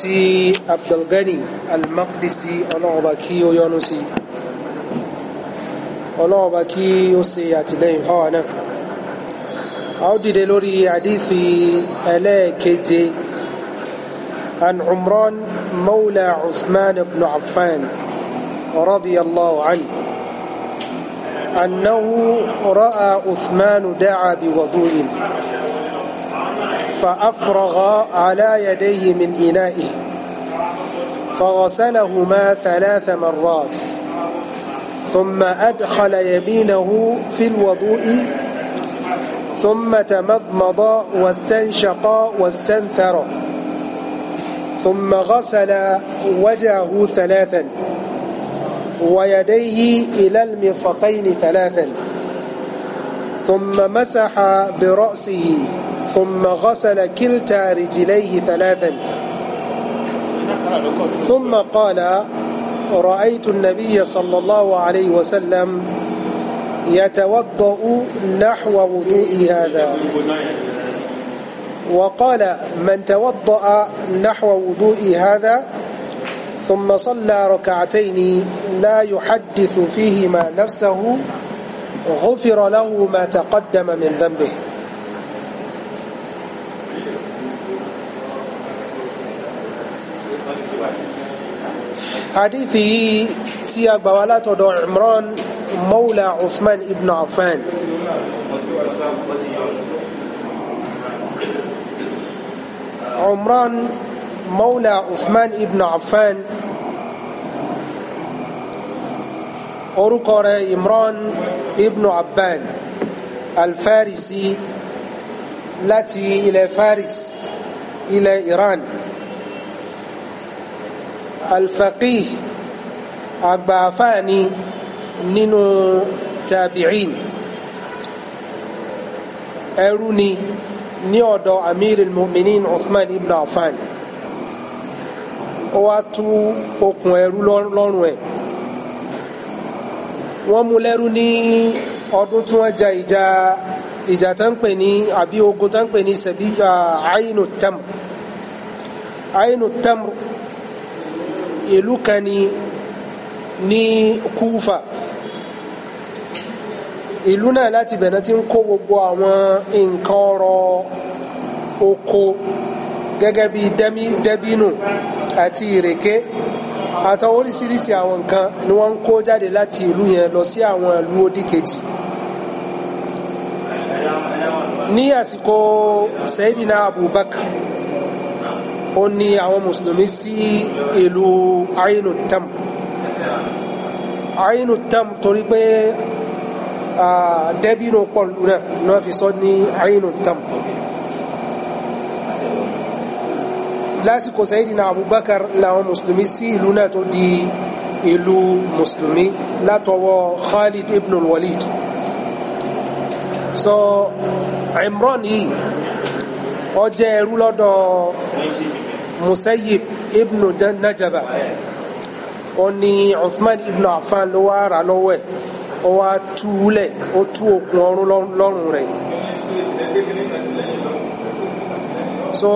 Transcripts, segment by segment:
ti Abdulgani al-Maqdisi ọlọ́ọ̀bá kí ó yọ́nú sí ọlọ́ọ̀bá kí ó ṣe àtìlẹ́yìn fáwa náà a ó dìde lórí àdífi ẹlẹ́ẹ̀keje an Umran mawla Uthman ibn Affan radiyallahu anhu annahu ra'a Uthman da'a bi wadu'in فأفرغ على يديه من إنائه فغسلهما ثلاث مرات ثم أدخل يمينه في الوضوء ثم تمضمض واستنشق واستنثر ثم غسل وجهه ثلاثا ويديه إلى المرفقين ثلاثا ثم مسح برأسه ثم غسل كلتا رجليه ثلاثا ثم قال رأيت النبي صلى الله عليه وسلم يتوضأ نحو وضوء هذا وقال من توضأ نحو وضوء هذا ثم صلى ركعتين لا يحدث فيهما نفسه غفر له ما تقدم من ذنبه hadithi yìí tí a gbà wá látọ̀dọ̀ Imran mawla Uthman ibn Affan Imran mawla Uthman ibn Affan orúkọ rẹ̀ Imran ibn Abban al láti ilẹ̀ Faris ilẹ̀ Iran alfaqih agbàfáàní nínú tabi'in ẹrú ni ní ọ̀dọ̀ amir al-mu'minin Uthman ibn Affan ó wá tú okùn ẹrú lọ́rùn ẹ̀ wọ́n mú lẹ́rú ní ọdún tí wọ́n ja ìjà ìjà tó ń pè ní ogun tó ń pè ní sẹ̀bí àìnù tamr tamr ìlú kan ni ní Kúfà ìlú náà láti bẹ̀rẹ̀ ti ń kó gbogbo àwọn nǹkan ọrọ̀ oko gẹ́gẹ́ bí dẹ́bínù àti ìrèké àtàwọn oríṣiríṣi àwọn nǹkan ni wọ́n ń kó jáde láti ìlú yẹn lọ sí àwọn ìlú òdìkejì ní àsìkò Sayyidina Abubakar ó ní àwọn mùsùlùmí sí ìlú Ainu Tam Ainu Tam torí pé dẹ́bínú pọ̀lú náà náà fi sọ ní Ainu Tam lásìkò Sayyidina Abubakar làwọn mùsùlùmí sí ìlú náà tó di ìlú mùsùlùmí látọwọ́ Khalid ibn walid so Imran yìí ó jẹ́ ẹrú lọ́dọ̀ Musayyib ibnu Najaba ó ní Uthman ibnu Affan ló wá rà lọ́wọ́ ẹ̀ ó wá tú ó tú okùn ọrùn lọ́rùn rẹ̀ so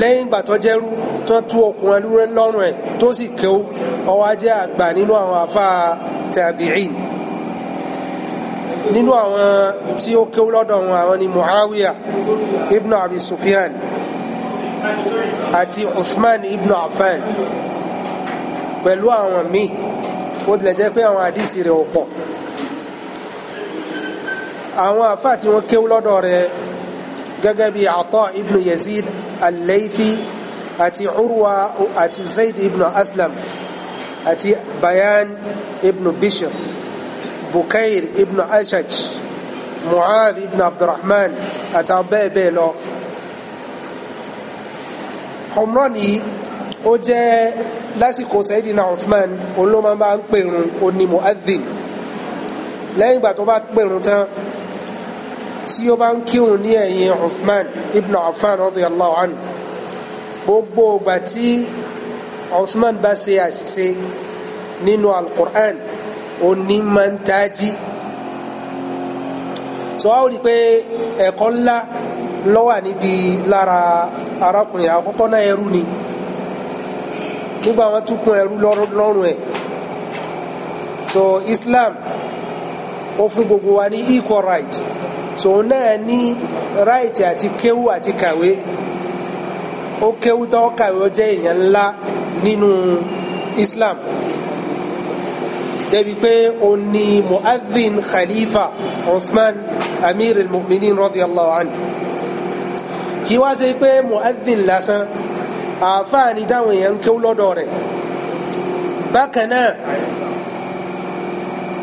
lẹ́yìn ìgbà tó jẹ́rú tó tú okùn ẹlúrẹ́ lọ́rùn ẹ̀ tó sì kéw ó wá jẹ́ àgbà nínú àwọn àfa tabi'in nínú àwọn tí ó kéw lọ́dọ̀ wọn àwọn ni Muawiya ibnu Abi Sufyan àti Uthman ibn Affan pẹ̀lú àwọn míì ó tilẹ̀ jẹ́ pé àwọn àdìsí rẹ̀ ò pọ̀ àwọn àfà tí wọ́n kéwú lọ́dọ̀ rẹ̀ gẹ́gẹ́ bí Ata ibn Yazid al-Laythi àti Urwa àti Zayd ibn Aslam àti Bayan ibn Bishr Bukair ibn Ashaj Mu'adh ibn Abdurrahman àti bẹ́ẹ̀ lọ. Humran yìí ó jẹ́ lásìkò Sayyidina Uthman olóma bá ń pèrún oní mu'adhin lẹ́yìn ìgbà tó bá pèrún tán tí ó bá ń kírun ní ẹ̀yìn Uthman ibn Affan radiyallahu anhu gbogbo ìgbà tí Uthman bá ṣe àṣìṣe nínú al oní máa ń tají sọ wá ó rí pé ẹ̀kọ́ ńlá lọ́wà níbi lára arákùnrin àkọ́kọ́ náà ẹrú ni nígbà wọn tún kún ẹrú lọ́rùn ẹ̀ so Islam ó fún gbogbo wa ní equal right so òun náà ní right àti kéwú àti kàwé ó kéwú tó kàwé ó jẹ́ èèyàn ńlá nínú Islam débi pé òun ni mu'adhin khalifa Uthman amir al-mu'minin radiyallahu anhu kì í wá ṣe pé mu'adhin lásán àáfàá ni táwọn èèyàn ń kéw lọ́dọ̀ rẹ̀ bákan náà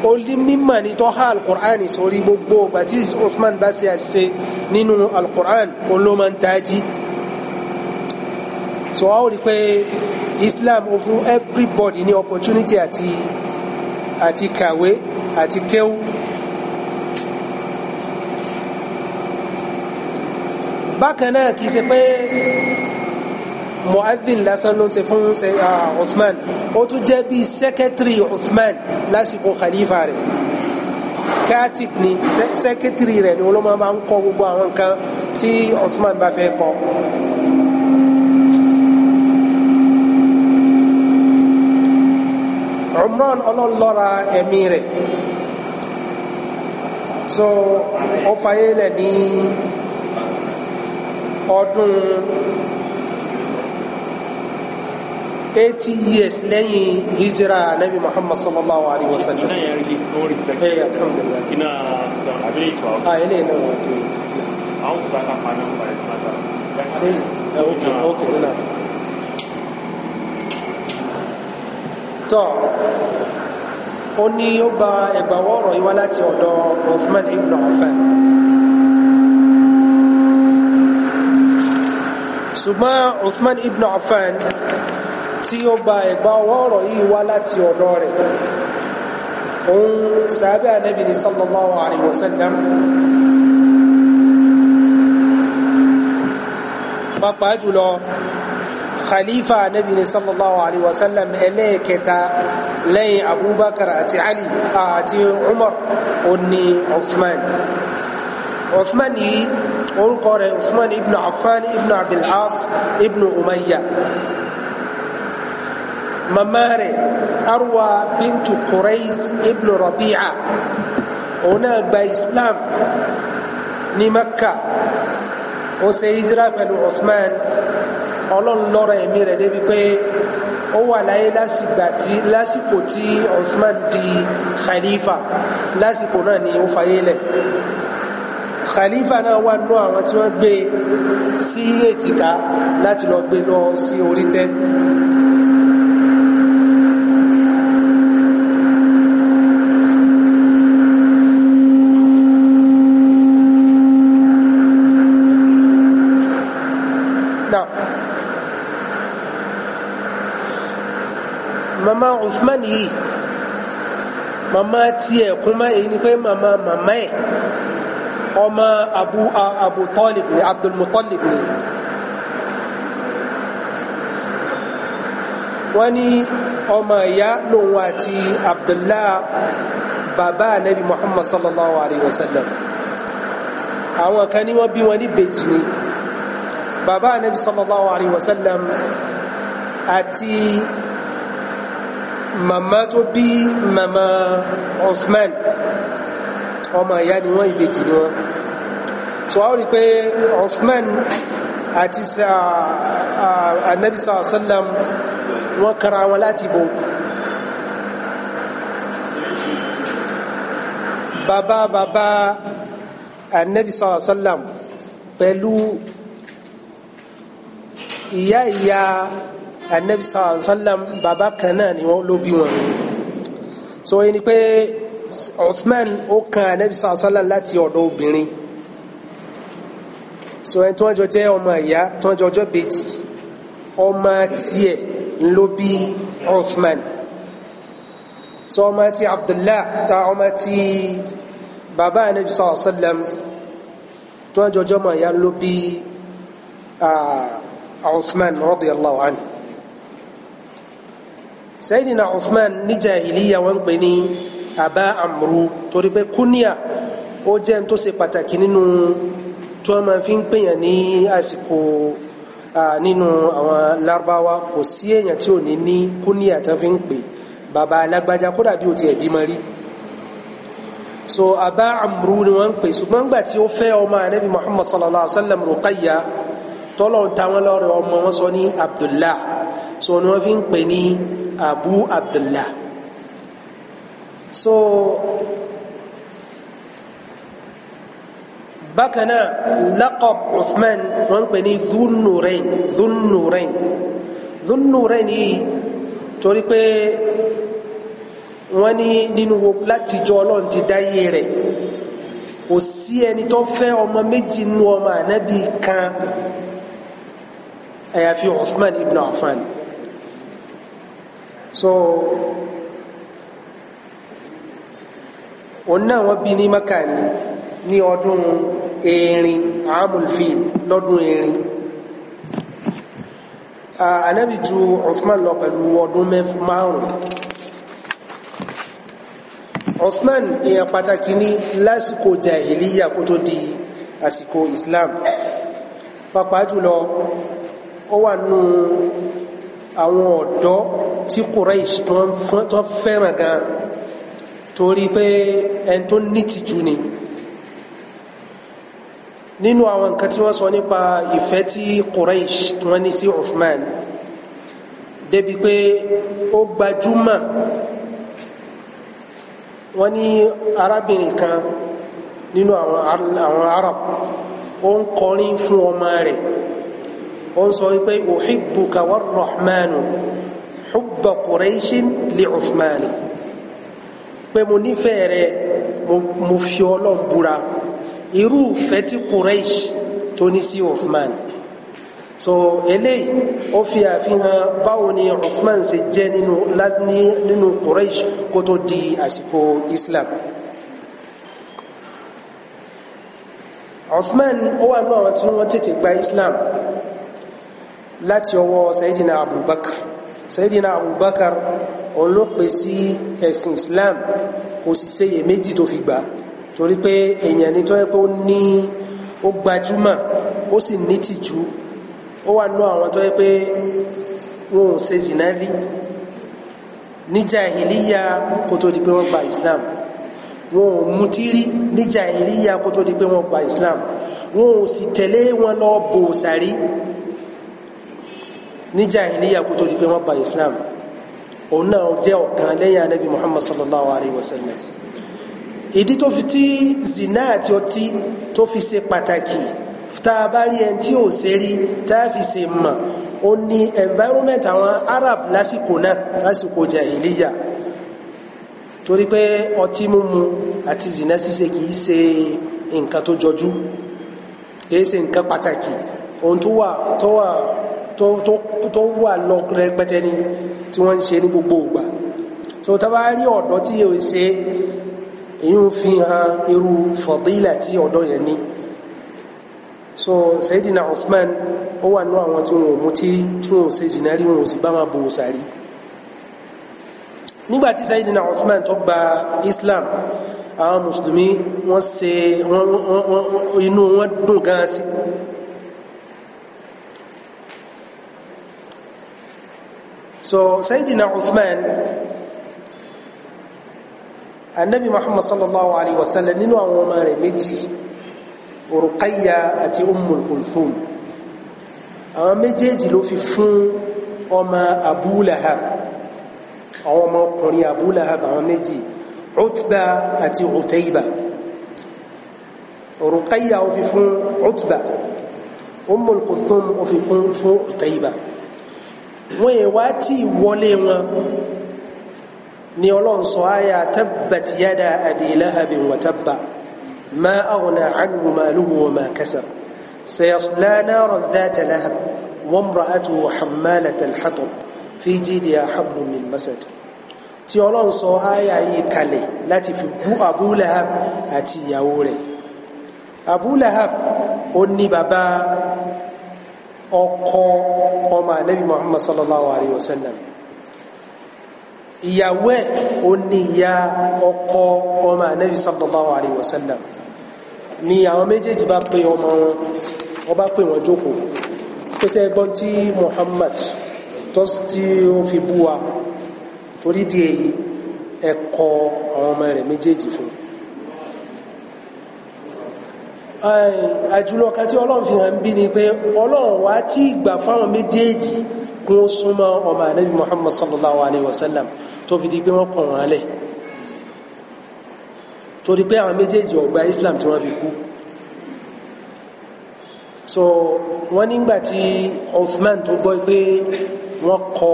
olí mímọ̀ ni tó há alukur'ani sórí gbogbo ìgbà tí Uthman bá ṣe àṣìṣe nínú alukur'an olóma ń tají so a ó rí pé Islam ó fún everybody ní opportunity àti àti kàwé àti kéwú. bákan náà kì í ṣe pé mu'adhin lásán ló ń ṣe fún ṣe Uthman ó tún jẹ́ bíi sẹ́kẹ́tìrì Uthman lásìkò khalifa rẹ̀ katib ni sẹ́kẹ́tìrì rẹ̀ ni olóma máa ń kọ gbogbo àwọn nǹkan tí Uthman bá fẹ́ kọ. Umran ọlọ́lọ́ra ẹ̀mí rẹ̀ so ó fayé lẹ̀ ní ọdún eighty years lẹ́yìn hijira nabi muhammad sallallahu alayhi wa sallam. iná yẹn rí orí pẹ̀lú. ee alhamdulilayi. iná abilé ìtura. a ilé iná wọn kì í. àwọn kò bá ká pa náà pa ẹ̀ tó bá ṣe ẹ ok ok iná. tọ́ ó ní ó gba ẹ̀gbà wọ́ọ̀rọ̀ yìí wá láti ọ̀dọ̀ Uthman ibn Affan. ṣùgbọ́n Uthman ibn Affan tí ó gba ẹ̀gbà ọwọ́ ọ̀rọ̀ yìí wá láti ọ̀dọ̀ rẹ̀ òun sàábẹ́ ànábì ní sallallahu alayhi wa sallam pàápàá jùlọ khalifa ànábì ní sallallahu alayhi wa ẹlẹ́ẹ̀kẹta lẹ́yìn abubakar àti ali àti umar òní Uthman Uthman yìí orúkọ rẹ̀ usman ibn affan ibn abdul-as ibn umayya màmá rẹ̀ arwa bintu qurayz ibn rabi'a òun náà gba islam ní makka ó ṣe hijira pẹ̀lú usman ọlọ́run lọ́rọ̀ ẹ̀mí rẹ̀ débi pé ó wà láyé lásìkò tí usman di khalifa lásìkò náà ni ó fayé lẹ̀ khalifa náà wà nù àwọn tí wọ́n gbé sí èjìká láti lọ gbé lọ sí orí tẹ́ mama Uthman yìí mama tiẹ̀ kúmá èyí ni pé mama mama ẹ̀ ọmọ abu abu talib ni abdul mutalib ni wọ́n ní ọmọ ìyá lòun àti abdullah bàbá anabi muhammad sallallahu alayhi wa sallam àwọn kan ní wọ́n bí wọn ní bèjì ni bàbá anabi sallallahu alayhi wa sallam àti màmá tó bí màmá Uthman ọmọ ìyá ni wọ́n ìbejì ni wọ́n so a rí pé Uthman àti anabi sallam wọ́n kara wọn láti bò bàbá bàbá anabi sallam pẹ̀lú ìyá ìyá anabi sallam bàbá kan náà ni wọ́n ló bí wọn so ẹni pé Uthman ó kan anabi sallam láti ọ̀dọ̀ obìnrin so ẹni tí wọ́n jọ jẹ́ ọmọ ìyá tí wọ́n jọ jọ bèjì ọmọ tiẹ̀ ló bí Uthman so ọmọ ti Abdullah ta ọmọ ti bàbá anabi sàlọ sàlẹm tí wọ́n jọ jọ ọmọ ìyá ló bí Uthman radiyallahu anhu sayidina Uthman ní jahiliya wọ́n pè ní abá amru torí pé kúníà ó jẹ́ n tó ṣe pàtàkì nínú tí wọ́n máa fi ń pèyàn ní àsìkò nínú àwọn lárúbáwá kò sí èèyàn tí ò ní ní kúníyà tó fi ń pè bàbá alágbájá kódà bí o tiẹ̀ bímọ rí so abá amru ni wọ́n ń pè ṣùgbọ́n nígbà tí ó fẹ́ ọmọ anabi muhammad sallallahu alaihi wa sallam ruqayya tọ́lọ̀ ń ta wọn lọ́rẹ̀ ọmọ wọn sọ ní abdullah so ni wọ́n fi ń pè ní abu abdullah so bákan náà laqab Uthman wọ́n ń pè ní Dhunnurain Dhunnurain Dhunnurain yìí torí pé wọ́n ní nínú wo látijọ́ ọlọ́run ti dáyé rẹ̀ kò sí ẹni tó fẹ́ ọmọ méjì nú ọmọ ànábì kan àyàfi Uthman ibn Affan so òun náà wọ́n bí ní Makka ní ọdún erin amulfil lọ́dún erin anabi ju Osman lọ pẹ̀lú ọdún márùn Uthman èèyàn pàtàkì ní lásìkò jahiliya kó tó di àsìkò Islam pàápàá jùlọ ó wà nù àwọn ọ̀dọ́ tí Quraish tó fẹ́ràn gan torí pé ẹni tó nítìjú ni nínú àwọn nǹkan tí wọ́n sọ nípa ìfẹ́ tí Quraysh tí wọ́n ní sí Uthman débi pé ó gbajúmọ̀ wọ́n ní arábìnrin kan nínú àwọn Arab ó ń kọrin fún ọmọ rẹ̀ ó ń sọ wípé uhibbuka war-Rahmanu hubba Qurayshin li Uthman pé mo nífẹ̀ẹ́ rẹ̀ mo fi Ọlọ́run búra irú ìfẹ́ tí Quraish tó ní sí Uthman so eléyìí ó fi àfihàn báwo ni Uthman ṣe jẹ́ nínú nínú Quraish kó tó di àsìkò Islam. Uthman ó wà ní àwọn tí wọ́n tètè gba Islam láti ọwọ́ Sayyidina Abubakar Sayyidina Abubakar òun ló pè sí ẹ̀sìn Islam kò sì ṣeyè méjì tó fi gbà torí pé èèyàn ni tó yẹ pé ó ní ó gbajúmọ̀ ó sì ní tìjú ó wà nú àwọn tó yẹ pé wọn ò ṣe zìnà rí ní jàhílíyà kó tó di pé wọ́n gba Islam wọn ò mutí rí ní jàhílíyà kó tó di pé wọ́n gba Islam wọn ò sì tẹ̀lé wọn lọ bòòsàrí ní jàhílíyà kó tó di pé wọ́n gba Islam òun náà jẹ́ ọ̀kan lẹ́yìn anabi Muhammad sallallahu alayhi wa sallam ìdí tó fi tí zina àti ọtí tó fi ṣe pàtàkì tá a bá rí ẹni tí ò ṣe rí tá fi ṣe mọ̀ ó ní environment àwọn Arab lásìkò náà lásìkò jahiliya torí pé ọtí mímu àti zina ṣíṣe kìí ṣe nǹkan tó jọjú kìí ṣe nǹkan pàtàkì ohun tó wà tó wà tó wà lọ rẹpẹtẹ ni tí wọ́n ń ṣe ní gbogbo ìgbà so tá a bá rí ọ̀dọ́ tí yóò ṣe é èyí ń fi hàn irú fadila tí ọ̀dọ́ yẹn ní so Sayyidina Uthman ó wà nú àwọn tí wọn ò mutí tí wọn ò ṣe zina rí wọn ò sì bá máa bò sàrí nígbà tí Uthman tó gba Islam àwọn mùsùlùmí wọ́n ṣe inú wọn dùn gan sí so Sayyidina Uthman anabi muhammad sallallahu alayhi wa sallam nínú àwọn ọmọ rẹ̀ méjì Ruqayya àti Ummul Kulthum àwọn méjèèjì ló fi fún ọmọ Abu Lahab àwọn ọmọkùnrin Abu Lahab àwọn méjì Utba àti Utayba Ruqayya ó fi fún Utba Ummul Kulthum fún Utayba wọ́n yẹ wá tí wọlé wọn ni ọlọ́run sọ àyà tabbat yada abi lahabin wa tabba ma aghna anhu maluhu wa ma kasab sayasla naran dhata lahab wa imra'atuhu hammalata al-hatab fi jidiha hablum min masad tí ọlọ́run sọ àyà yìí kalẹ̀ láti fi bú Abu Lahab àti ìyàwó rẹ̀ Abu Lahab ó ní bàbá ọkọ ọmọ anabi Muhammad sallallahu alayhi wa sallam ìyàwó ẹ̀ ó ní ìyá ọkọ ọmọ ànábì sallallahu alaihi wasallam ni àwọn méjèèjì bá pè ọmọ wọn wọ́n bá pè wọ́n jókòó ó sẹ́ gbọ́n tí Muhammad tó tí ó fi bú wa torí di èyí ẹ̀kọ́ àwọn ọmọ rẹ̀ méjèèjì fún àjùlọ kan tí ọlọ́run fi hàn bí ni pé ọlọ́run wá tí ìgbà fáwọn méjèèjì kún súnmọ́ ọmọ ànábì Muhammad sallallahu alaihi wasallam tó fi di pé wọ́n kọ̀ wọ́n lẹ̀ torí pé àwọn méjèèjì ò islam tí wọ́n fi kú so wọ́n nígbà tí Uthman tó gbọ́ pé wọ́n kọ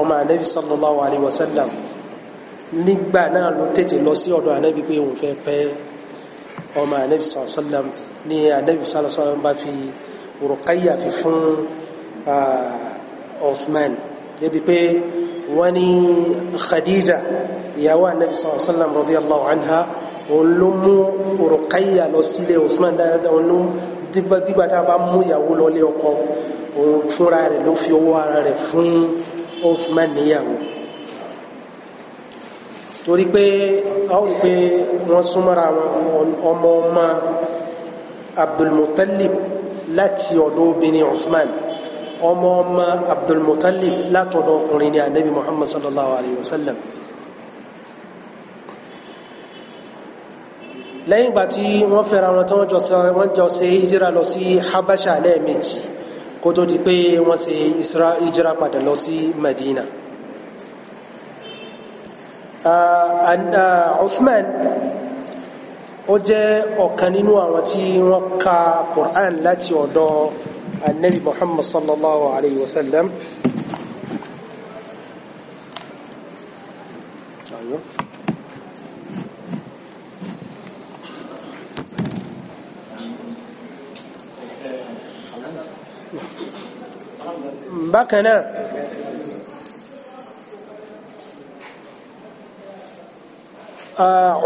ọmọ anabi sallallahu alayhi wa sallam nígbà náà ló tètè lọ sí ọ̀dọ̀ anabi pé òun fẹ́ pẹ́ ọmọ anabi sallallahu alayhi wa sallam ni anabi sallallahu alayhi wa sallam bá fi Ruqayya fi fún ah, Uthman débi pé wọ́n ní Khadija ìyàwó anabi sallallahu alayhi wa sallam radiyallahu anha òun ló mú Ruqayya lọ sílé Usman dáadáa òun ló gbígbà tá a bá mú ìyàwó lọlé ọkọ òun fúnra rẹ̀ ló fi owó ara rẹ̀ fún Usman níyàwó torí pé a ó rí pé wọ́n súnmọ́ra Abdul Muttalib láti ọ̀dọ̀ obìnrin Usman ọmọ ọmọ abdulmutalib látọ̀dọ̀ ọkùnrin ní anabi muhammad sallallahu alayhi wa sallam lẹ́yìn ìgbà tí wọ́n fẹ́ra wọn tí wọ́n jọ ṣe hijira lọ sí habasha lẹ́ẹ̀mejì kó tó di pé wọ́n ṣe hijira padà lọ sí madina uthman ó jẹ́ ọ̀kan nínú àwọn tí wọ́n ka quran láti ọ̀dọ̀ النبي محمد صلى الله عليه وسلم bákan náà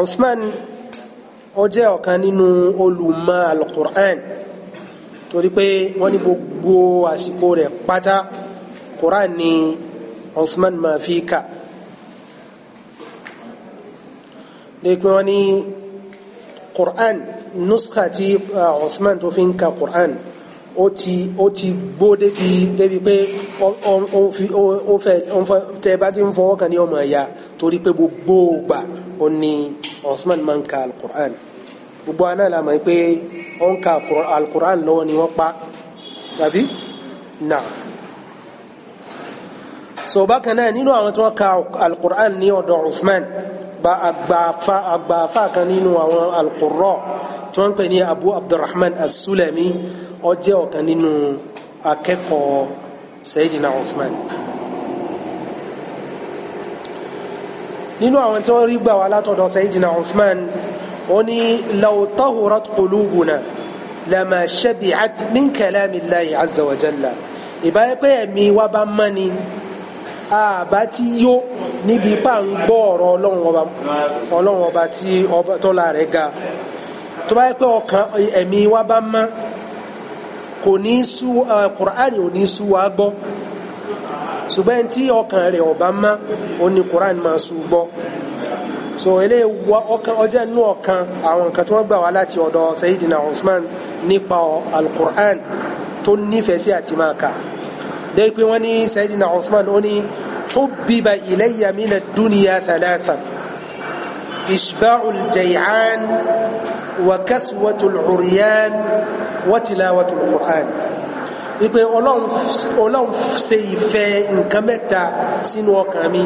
Uthman ó jẹ́ ọ̀kan nínú olùmọ̀ al-Qur'an. Uh, torí pé wọ́n ní gbogbo àsìkò rẹ̀ pátá Quran ni Uthman máa fi kà wọn ní Quran nuskha tí uh, Uthman tó fi ń ka Quran ó ti ó ti gbó débi débi pé ó fẹ́ tẹ bá ti ń fọwọ́ kan ní ọmọ ẹ̀yà torí pé gbogbo ògbà ó ní Uthman máa ń ka Quran gbogbo aná la mọ̀ pé ó ń ka alukur'an lọ́wọ́ ni wọ́n pa tàbí nà. so bákan náà nínú àwọn tí wọ́n ka alukur'an ní ọ̀dọ̀ Uthman Ba agbàfa agbàfa kan nínú àwọn alukurọ tí wọ́n ń pè ní Abu Abdurrahman as-Sulami ó jẹ́ ọ̀kan nínú akẹ́kọ̀ọ́ sayidina Uthman. nínú àwọn tí wọ́n rí gbà wá látọ̀dọ̀ sayidina Uthman ó ní law tahurat qulubuna lama shabi'at min kalamillahi azza wa jalla ìbáyé pé ẹ̀mí wa bá mọ́ ni àbá tí yó níbi ipá ń gbọ́ ọ̀rọ̀ ọlọ́run ọba tí tọ́lá rẹ̀ ga tó bá yẹ pé ọkàn ẹ̀mí wa bá mọ́ kò ní sú kùránì ò ní sú wa gbọ́ ṣùgbọ́n tí ọkàn rẹ̀ ọba mọ́ ó ní kùránì máa sú gbọ́ so eléyìí ọjọ́ inú ọ̀kan àwọn nǹkan tí wọ́n gbà wá láti ọ̀dọ̀ Sayyidina Usman nípa al-Qur'an tó nífẹ̀ẹ́ sí àti máa kà dé pé wọ́n ní Sayyidina Usman ó ní hubbiba ilayya mina dunya thalathan ishba'ul jay'an wa kaswatul 'uryan wa tilawatul Qur'an wípé ọlọ́run ṣe ìfẹ́ nǹkan mẹ́ta sínú ọkàn mi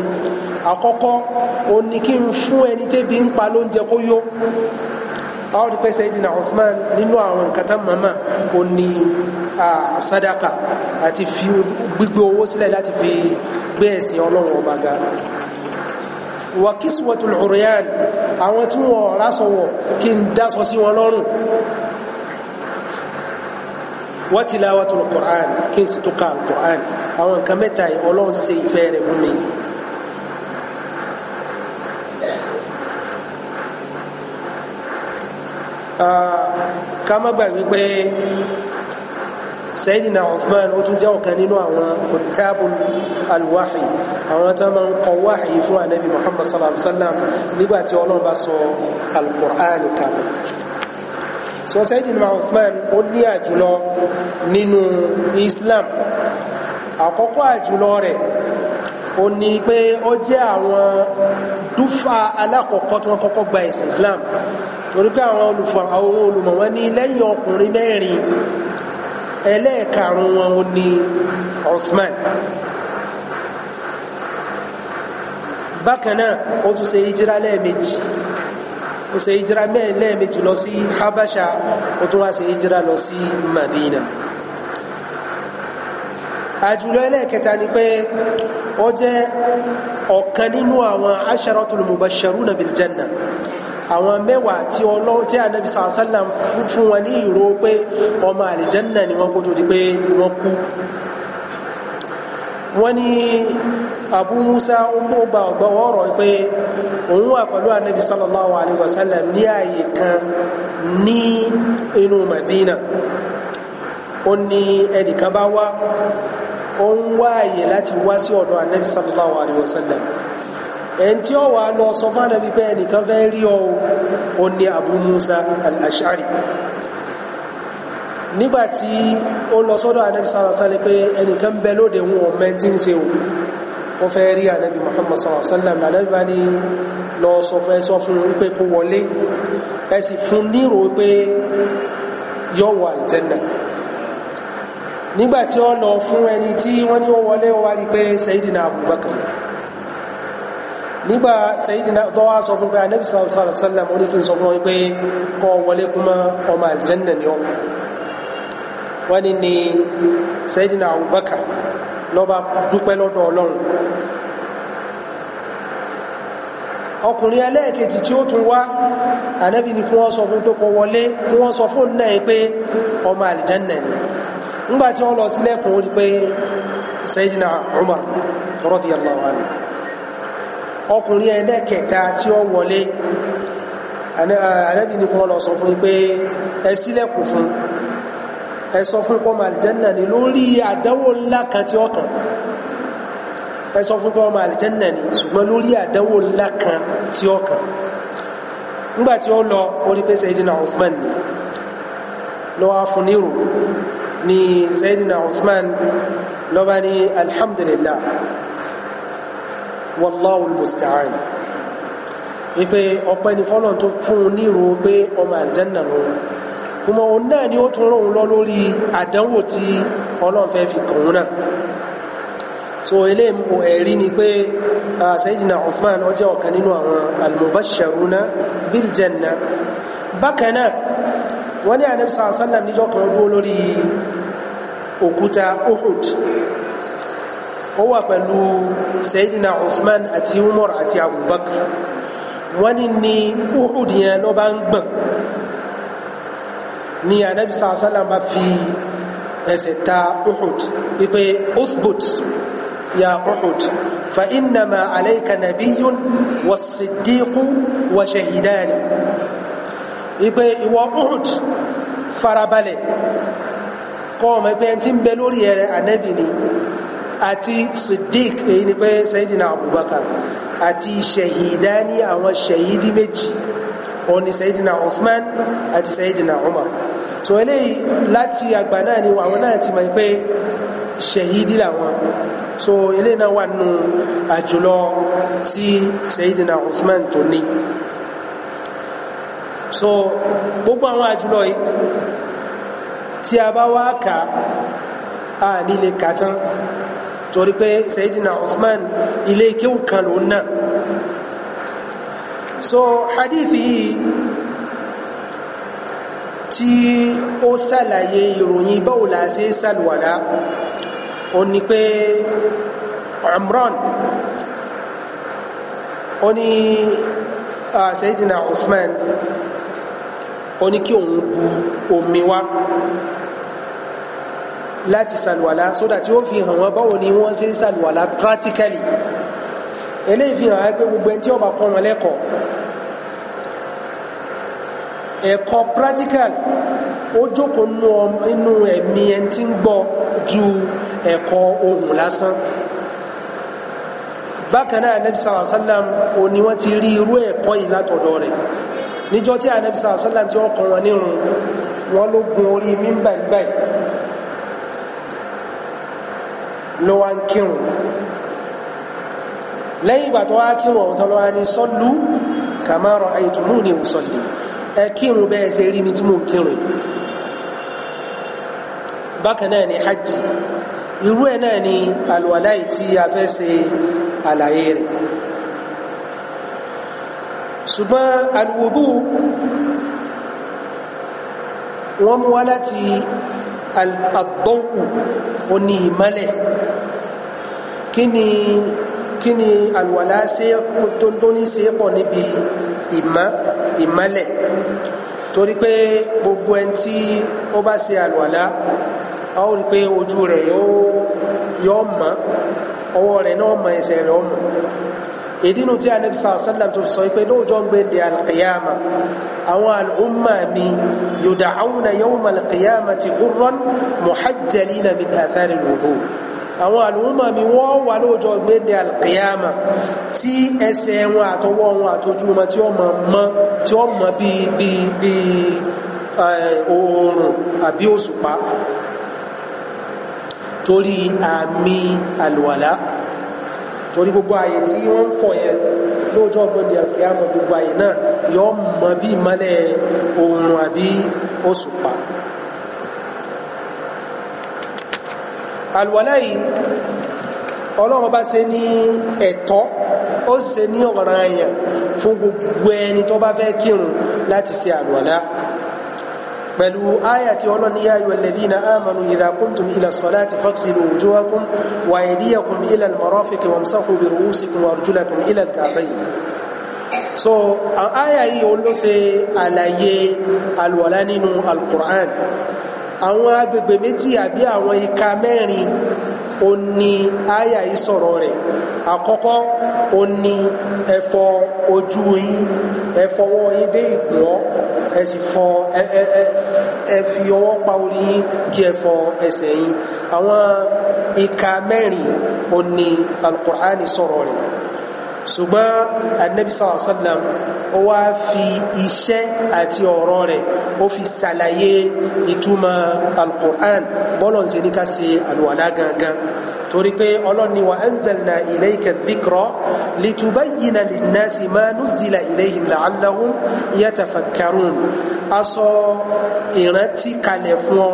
àkọ́kọ́ ó ní kí n fún ẹni tẹ́bi ń pa lóúnjẹ kó yó a ó rí pé Sayyidina Uthman nínú àwọn nǹkan tán màmá ní sadaka àti fi gbígbé owó sílẹ̀ láti fi gbé ẹ̀sìn ọlọ́run ọba ga wa kiswatul uryan àwọn tí wọn rásọwọ kí n dásọ sí wọn lọ́rùn wa tilawatul Qur'an kí n sì tún ka Qur'an àwọn nǹkan mẹ́ta yìí ọlọ́run ṣe ìfẹ́ rẹ̀ fún mi. Ah, ká má gbàgbé pé Sayyidina Uthman ó tún jẹ́ ọ̀kan nínú àwọn kutabul alwahi àwọn tó máa ń kọ wáhì anabi Muhammad sallallahu alaihi wa sallam nígbà tí ọlọ́run bá sọ al so Sayyidina Uthman ó ní àjùlọ nínú Islam àkọ́kọ́ àjùlọ rẹ̀ ó ní pé ó jẹ́ àwọn dúfà alákọ̀ọ́kọ́ tí wọ́n kọ́kọ́ gba ẹ̀sìn Islam torí pé àwọn olùfọ̀ àwọn olùmọ̀ wọn ní lẹ́yìn ọkùnrin mẹ́rin ẹlẹ́ẹ̀karùn wọn ó ní Uthman bákan náà ó tún ṣe hijira lẹ́ẹ̀mejì ó ṣe hijira lẹ́ẹ̀mejì lọ sí habasha ó tún wá ṣe hijira lọ sí madina àjùlọ ẹlẹ́ẹ̀kẹta ni pé ó jẹ́ ọ̀kan nínú àwọn asharatul mubashsharuna bil janna àwọn mẹ́wàá tí ọlọ́run tí anabi sàásàlà fún wọn ní ìró pé ọmọ àlìjánà ni wọ́n kó tó di pé wọ́n kú wọ́n ní abu musa ó gba ọgbọ́wọ́ ọ̀rọ̀ pé òun wà pẹ̀lú anabi sallallahu alayhi wa sallam ní ààyè kan ní inú madina ó ní ẹnìkan bá wá ó ń wá ààyè láti wá sí ọ̀dọ̀ anabi sallallahu alayhi wa sallam ẹni tí ó wà lọ sọ fún anabi pé ẹnìkan fẹ́ rí ọ ó ní abu musa al-ashari nígbàtí ó lọ sọ́dọ̀ anabi sallallahu alayhi wa sallam pé ẹnìkan bẹ lóde wọn ọmọ ẹ ti ń ṣe òun wọ́n fẹ́ rí anabi muhammad sallallahu alayhi wa sallam anabi bá ní lọ sọ fún ẹ sọ fún un pé kó wọlé ẹ sì fún nírò pé yọ wà àlùjẹ́nà nígbà tí ó lọ fún ẹni tí wọ́n ní ó wọlé ó wá rí pé sayidina abubakar nígbà sayidina lọ́wọ́ sọ fún pé anabi sallallahu alayhi wa sallam ó kí n sọ fún ọ pé kọ́ wọlé kúmọ́ ọmọ àlùjẹ́nà ni ọ wọ́n ní ni sayidina abubakar lọ́ba dúpẹ́ lọ́dọ̀ ọlọ́run ọkùnrin ẹlẹ́ẹ̀kejì tí ó tún wá ànábì ni kí wọ́n sọ fún tó kọ wọlé kí wọ́n sọ fún náà pé ọmọ àlìjánà ni ńgbà tí wọ́n lọ sílẹ̀kùn ó rí pé Sayyidina Umar radiyallahu anhu ọkùnrin ẹlẹ́ẹ̀kẹta tí ó wọlé ànábì ni kí wọ́n lọ sọ fún pé ẹ sílẹ̀kùn fún ẹ sọ fún kọ́mọ àlìjánà ni lórí àdánwò ńlá kan tí ó kàn ẹ sọ fún pé ọmọ àlìjẹ́nà ni ṣùgbọ́n lórí àdánwò ńlá kan tí ó kàn nígbà tí ó lọ orí pé Sayyidina Uthman ni lọ́wọ́ fún nírò ni Sayyidina Uthman lọ́ba ní alhamdulillah wallahu almusta'an wípé ọpẹ́ ni fọ́nà tó fún nírò pé ọmọ àlìjẹ́nà ló kùmọ̀ òun náà ni ó tún rán lọ lórí àdánwò tí Ọlọ́run fi kàn náà so eléyìí ẹ̀rí ni pé sayidina Uthman ó jẹ́ ọ̀kan nínú àwọn al-mubashsharuna bil janna bákan náà wọ́n ní anabi sallallahu alayhi wa sallam níjọ́ kan dúró lórí òkúta Uhud ó wà pẹ̀lú sayidina Uthman àti Umar àti Abubakar wọ́n ní ní Uhud yẹn ló bá ń gbọ̀n ni anabi sallallahu sallam bá fi ẹsẹ̀ ta Uhud wípé uthbut. يا أحد فإنما عليك نبي والصديق وشهدان ipe ìwọ Uhud farabalẹ̀ kọ́ ọmọ ẹgbẹ́ tí ń bẹ lórí ẹ̀rẹ̀ ànẹ́bì ni àti Siddiq èyí ni pé Sayyidina Abubakar àti shahidani àwọn shahidi méjì òun Sayyidina Uthman àti Sayyidina Umar so eléyìí láti àgbà náà ni àwọn náà ti mọ̀ pé shahidi làwọn so eléyìí na wà nù àjùlọ tí Sayyidina Uthman tó ní so gbogbo àwọn àjùlọ yìí tí a bá wá kà á nílé kà tán torí pé Sayyidina Uthman ilé kéwù kan lòun náà so hadithi yìí tí ó ṣàlàyé ìròyìn báwo la ṣe ó ní pé Umran ó ní Sayyidina Uthman ó ní kí òun bu omi wá láti sàlùwàlá sódà tí ó fi hàn wọn báwo ni wọ́n ṣe ń sàlùwàlá practically eléyìí fi hàn wá pé gbogbo ẹni tí ó bá kọ́ wọn lẹ́kọ̀ọ́ ẹ̀kọ́ practical ó jókòó nínú ẹ̀mí ẹni tí ń gbọ́ ju ẹ̀kọ́ ohun lásán bákan náà anabi sallallahu alayhi wa sallam òní wọn ti rí irú ẹ̀kọ́ yìí látọ̀dọ̀ rẹ̀ níjọ́ tí anabi sallallahu alayhi wa sallam tí wọ́n kọ́ wọn nírun wọn ló gun orí mímbà báyìí ló wá ń kírun lẹ́yìn ìgbà tó wá kírun ọ̀hún tó lọ́wọ́ ní sọ́lú kama ra'aytumuni usalli ẹ kírun bẹ́ẹ̀ ṣe rí mi tí mò ń kírun yìí bákan ni hajj irú ẹ̀ náà ni àlùwàlá yìí tí a fẹ́ ṣe àlàyé rẹ̀ ṣùgbọ́n alwudu wọ́n mú wá láti àdọ́wù oní ìmọ́lẹ̀ kí ni kí ni àlùwàlá ṣe tó ní ṣe pọ̀ níbi ìmọ́ ìmọ́lẹ̀ torí pé gbogbo ẹni tí ó bá ṣe àlùwàlá a ó rí pé ojú rẹ̀ yóò mọ́ ọwọ́ rẹ̀ náà mọ́ ẹsẹ̀ rẹ̀ ọmọ ìdínú tí anabi sallam tó sọ pé lóòjọ́ ń gbé de alqiyama àwọn al'umma mi yud'awna yawma alqiyamati ghurran muhajjalina min athari alwudu àwọn al'umma mi wọ́n wà lóòjọ́ gbé de alqiyama tí ẹsẹ̀ wọn àtọwọ́ wọn àtọjú wọn tí ó mọ́ mọ́ tí ó mọ́ bí bí bí oòrùn àbí òṣùpá torí àmì àlùwàlá torí gbogbo ààyè tí wọ́n ń fọ̀ yẹn lóòjọ́ gbọ́dọ̀ àkíyàmọ̀ gbogbo ààyè náà yọ mọ bí ìmọ́lẹ̀ oòrùn àbí òṣùpá àlùwàlá yìí ọlọ́run bá ṣe ní ẹ̀tọ́ ó ṣe ní ọ̀ranyàn fún gbogbo ẹni tó bá fẹ́ kírun láti ṣe àlùwàlá pẹ̀lú ayàtí ọlọ́ni yá ayọ̀ alladhina amanu idha qumtum ila salati faghsilu wujuhakum wa aydiyakum ila al-marafiqi wamsahu bi ru'usikum wa arjulakum ila al so àyà yìí ó ló ṣe àlàyé alùwàlá nínú alukur'an àwọn agbègbè méjì àbí àwọn ìka mẹ́rin ó àkọ́kọ́ ó ní ẹ ojú yín ẹ fọwọ́ dé ìgbọ́ ẹ sì fọ ẹ ẹ ẹ ẹ fi ọwọ́ pa orí yín kí ẹ fọ ẹsẹ̀ yín àwọn ìka mẹ́rin ò ní alukur'ani sọ̀rọ̀ rẹ̀ ṣùgbọ́n anabi sallallahu alayhi wa sallam ó wá fi iṣẹ́ àti ọ̀rọ̀ rẹ̀ ó fi ṣàlàyé ìtumọ̀ alukur'an bọ́lọ̀ ń ṣe ní ká ṣe àlùwàlá gangan torí pé ọlọ́run ni wa anzalna ilayka dhikra litubayyina linnasi ma nuzila ilayhim la'allahum yatafakkarun a sọ ìrántí kalẹ̀ fún ọ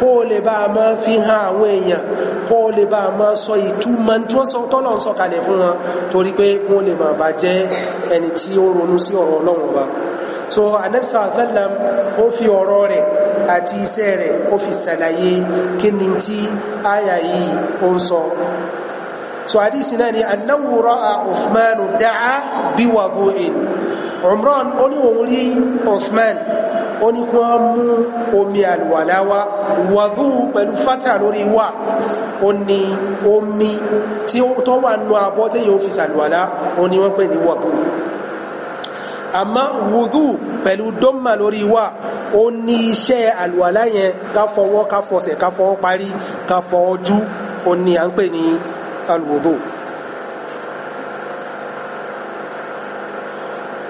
kó o lè bá a máa fi hàn àwọn èèyàn kó o lè bá a máa sọ ìtumọ̀ tí wọ́n sọ tọ́lọ̀ ń sọ kalẹ̀ fún wọn torí pé kó o lè máa bá jẹ́ ẹni tí ó ronú sí ọ̀rọ̀ ọlọ́run ọba so anabi sallam ó fi ọ̀rọ̀ rẹ̀ àti iṣẹ́ rẹ̀ ó fi ṣàlàyé kí ni tí àyà yìí ó ń sọ so àdìsí náà ni annahu ra'a Uthman da'a bi wudu'in Umran ó ní òun rí Uthman ó ní kí wọ́n mú omi àlùwàlá wá wàdú pẹ̀lú fátà lórí wà ó ní omi tí ó wà nù abọ́ tẹ́yìn ó fi ṣàlùwàlá ó ní wọ́n pè ní wàdú àmọ́ wùdú pẹ̀lú dọ́mà lórí wà ó ní iṣẹ́ àlùwàlá yẹn ká fọwọ́ ká fọsẹ̀ ká fọwọ́ parí ká fọwọ́ jú ó ní à ń pè ní alwudu.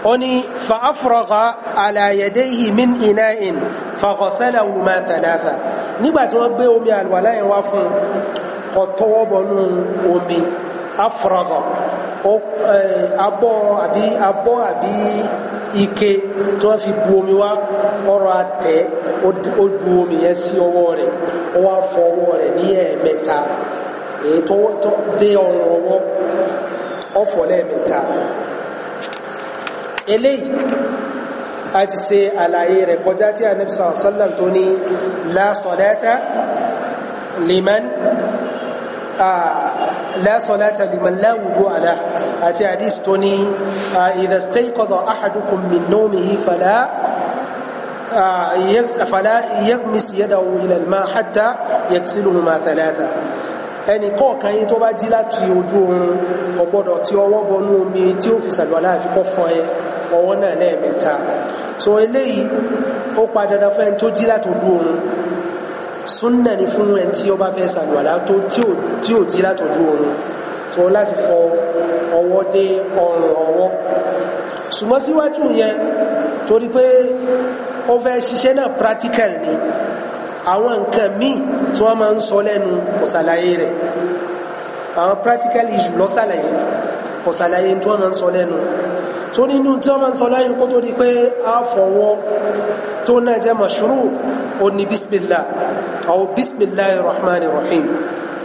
ó ní fa afraga ala min ina'in fa ghasalahu ma nígbà tí wọ́n gbé omi àlùwàlá yẹn wá fún kó omi afraga abọ́ àbí abọ́ àbí ike tí wọ́n fi bu omi wá ọrọ̀ àtẹ̀ ó bu omi yẹn sí ọwọ́ rẹ̀ ó wá fọ ọwọ́ rẹ̀ ní ẹ̀ẹ̀mẹ́ta èyí tó dé ọrùn ọwọ́ ó fọ̀ eléyìí a ti ṣe àlàyé rẹ̀ kọjá tí Ànábì sallam tó ní la salata liman لا صلاة لمن لا وضوء له أتي حديث توني إذا استيقظ أحدكم من نومه فلا فلا يغمس يده إلى الماء حتى يغسلهما ثلاثة ẹnì kọ̀ọ̀kan yín tó bá jí láti ojú oorun kò gbọ́dọ̀ tí ọwọ́ bọnú omi tí ó fi ṣàlùwàlá àfikọ́ fọ ẹ ọwọ́ náà lẹ́ẹ̀mẹ́ta so eléyìí ó pa dandan tó jí láti ojú oorun súnà ni fún ẹni tí ó bá fẹ́ ṣàlùwàlá tí ò jí látọjú oorun tó láti fọ ọwọ́ dé ọrùn ọwọ́ ṣùgbọ́n síwájú yẹn torí pé ó fẹ́ ṣiṣẹ́ náà practical ni àwọn nǹkan míì tí wọ́n máa ń sọ lẹ́nu kò rẹ̀ àwọn practical issue ló ṣàlàyé kò tí wọ́n máa ń sọ lẹ́nu tó nínú tí wọ́n máa ń sọ lẹ́yìn kó tó di pé a fọwọ́ tó náà jẹ́ mashuru ó ní bismillah àwọn bismillah rahman rahim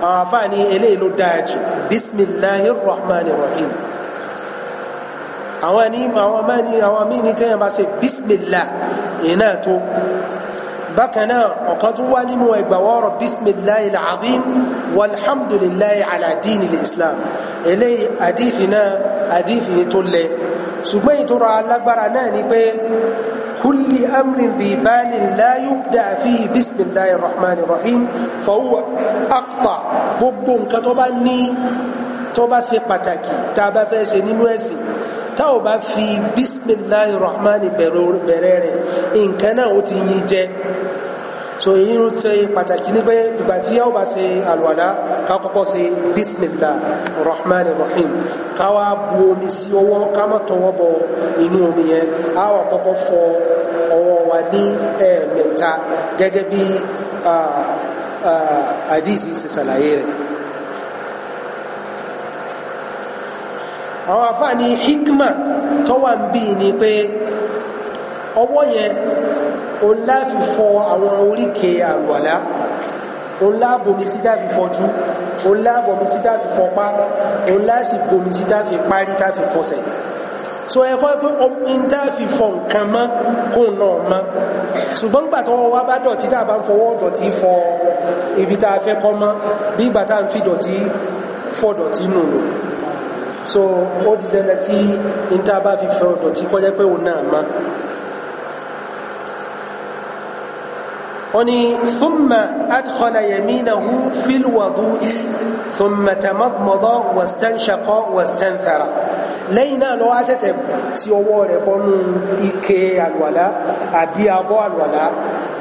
àwọn afáàní eléyìí ló dáa jù bismillah rahman rahim àwọn ní àwọn máa ní àwọn míì ní tẹ́yìn bá ṣe bismillah ìyẹn náà tó bákan náà ọ̀kan tún wá nínú ẹgbàwọ́rọ̀ bisimilayi alazim walhamdulilayi aladini islam eléyìí àdìfì náà tó lẹ ṣùgbọ́n ìtura alágbára náà ni pé kulli amrin dhi balin la yubda fihi bismillahir rahmanir rahim fa huwa aqta gbogbo nǹkan tó bá ní tó bá ṣe pàtàkì tá a bá fẹ́ ṣe nínú ẹ̀sìn tá ò bá fi bismillahir rahmanir bẹ̀rẹ̀ rẹ̀ nǹkan náà ó ti yín jẹ so èyí ń pàtàkì ní ìgbà tí a ó bá ṣe àlùwàlá ká kọ́kọ́ ṣe bismillah rahman rahim ká wá bu omi sí ọwọ́ ká má tọwọ́ bọ inú omi yẹn á wà kọ́kọ́ fọ ọwọ́ wa ní ẹ̀ẹ̀mẹ́ta gẹ́gẹ́ bí àdìsí ṣe ṣàlàyé rẹ̀. àwọn àfáàní hikma tó wà ń bí ni pé ọwọ́ yẹn o láfi fọ àwọn oríkèé àlùwàlá ó láàbòmí sí tá fi fọjú ó láàbòmí sí tá fi fọpá ó láàsìbòmí sí tá fi parí tá fi fọsẹ̀ so ẹ̀kọ́ pé omi tá fi fọ nǹkan mọ́ kó náà mọ́ ṣùgbọ́n gbà tó wá bá dọ̀tí tá a bá ń fọwọ́ dọ̀tí fọ ibi tá a fẹ́ kọ́ mọ́ bí ìgbà tá a ń fi dọ̀tí fọ dọ̀tí nù nù so ó di dandan kí n tá bá fi fọ dọ̀tí kọjá pé òun náà mọ́. oni thumma adkhala yaminahu fil wudu'i thumma tamadmada wastanshaqa wastanthara lẹ́yìn náà lọ wá tẹ̀tẹ̀ tí ọwọ́ rẹ̀ bọ́nú ike àlùwàlá àbí abọ́ àlùwàlá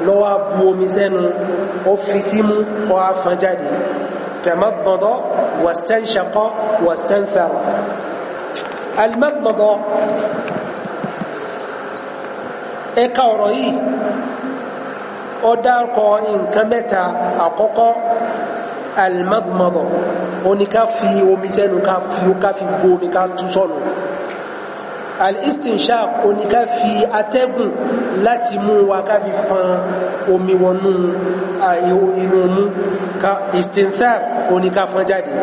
lọ wá bu omi sẹ́nu ó fi símú tamadmada wastanshaqa wastanthara almadmada ẹ̀ka ọ̀rọ̀ yìí ó dárúkọ nǹkan mẹ́ta àkọ́kọ́ alimadumadu oní ká fi omi sẹ́nu ká fi ká fi gbó omi ká tú sọ̀nù alistinshaq oní ká fi atẹ́gùn láti mú wa ká fi fan omi wọnú inú mú ká istinthar oní ká fan jáde.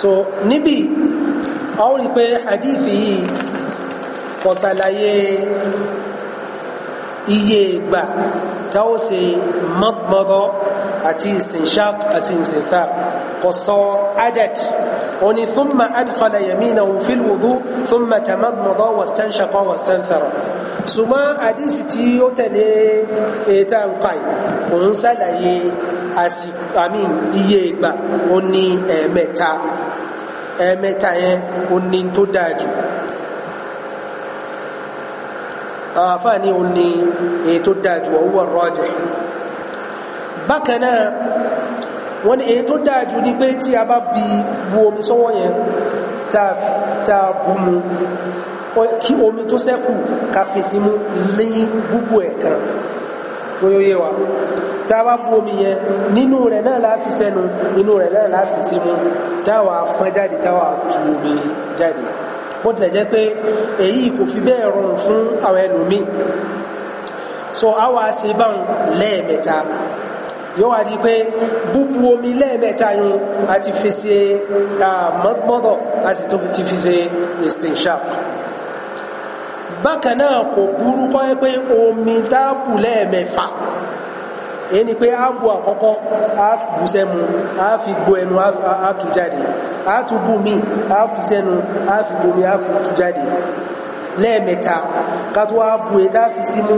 so níbi a ó rí pé hadith yìí kò ṣàlàyé iye ìgbà tá ó ṣe mọ́gbọ́rọ́ àti istinshaq àti istinthaq kò sọ adad ó ní thumma adkhala yaminahu fil wudu thumma tamadmada wastanshaqa wastanthara ṣùgbọ́n hadith tí ó tẹ̀lé ètò àǹkàì òun ṣàlàyé àmì iye ìgbà ó ní ẹ̀ẹ̀mẹ́ta ẹ̀ẹ̀mẹ́ta yẹn oní tó dáa jù àwọn àfáàní oní èyí tó dáa jù ọwọ́ rọ́ọ̀jẹ̀ bákan náà wọ́n ní èyí tó dáa jù ni pé tí a bá bi bu omi sọ́wọ́ yẹn tá a mu kí omi tó ṣẹ́kù ká fèsì mu lẹ́yìn búbu ẹ̀ kan lóyóyé wa táwa bu omi yẹn nínú rẹ̀ náà la fi sẹ́nu nínú rẹ̀ náà la fi símú táwa fọ́n jáde táwa tu omi jáde bó tilẹ̀ jẹ́ pé èyí kò fi bẹ́ẹ̀ rọrùn fún àwọn ẹlòmíì so àwa ṣe báwọn lẹ́ẹ̀mẹ́ta yóò wá di pé búbu omi lẹ́ẹ̀mẹ́ta yun a ti fi ṣe mọ́tò a sì tó ti fi ṣe extinction bákan náà kò burú kọ́ pé omi táàpù lẹ́ẹ̀mẹ́fà èyí ni pé a bu àkọ́kọ́ a bu sẹ́mu a fi gbo ẹnu a tu jáde a tu bu mi a fi sẹ́nu a fi gbo mi a fi tu jáde lẹ́ẹ̀mẹ́ta ká tó a bu èyí e tá a fi símú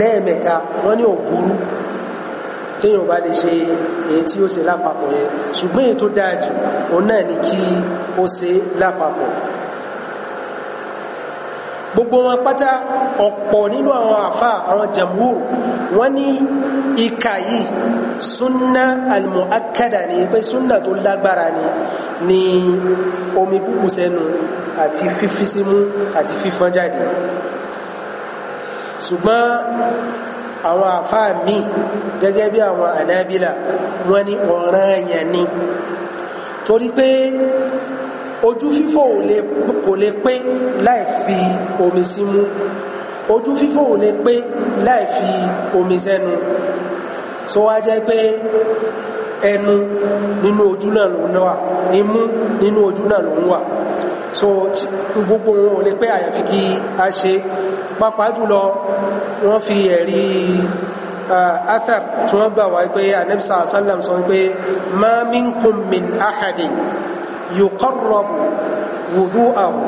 lẹ́ẹ̀mẹ́ta wọ́n ní ògbúrú téèyàn bá lè ṣe èyí tí ó ṣe lápapọ̀ yẹn ṣùgbọ́n èyí tó dáa jù òun náà ni kí ó ṣe lápapọ̀ gbogbo wọn pátá ọ̀pọ̀ nínú àwọn àfa àwọn jamhur wọn ní ìka yìí sunna almuakkada ni pé sunna tó lágbára ni ni omi búkú sẹ́nu àti fífi símú àti fífọn jáde ṣùgbọ́n àwọn àfa mi gẹ́gẹ́ bí àwọn ànábìlà wọn ní ọ̀ranyàn ni torí pé ojú fífò kò lè pé láì fi omi símú ojú fífò kò lè pé láì fi omi sẹ́nu tó wá jẹ́ pé ẹnu nínú ojú náà ló ń wà imú nínú ojú náà ló ń wà so gbogbo wọn ò lè pé àyàfi kí a ṣe pàápàá jùlọ wọ́n fi ẹ̀rí athar tí wọ́n gbà wá pé anabisa asalam sọ pé ma minkum min ahadin yuqarrabu wudu'ahu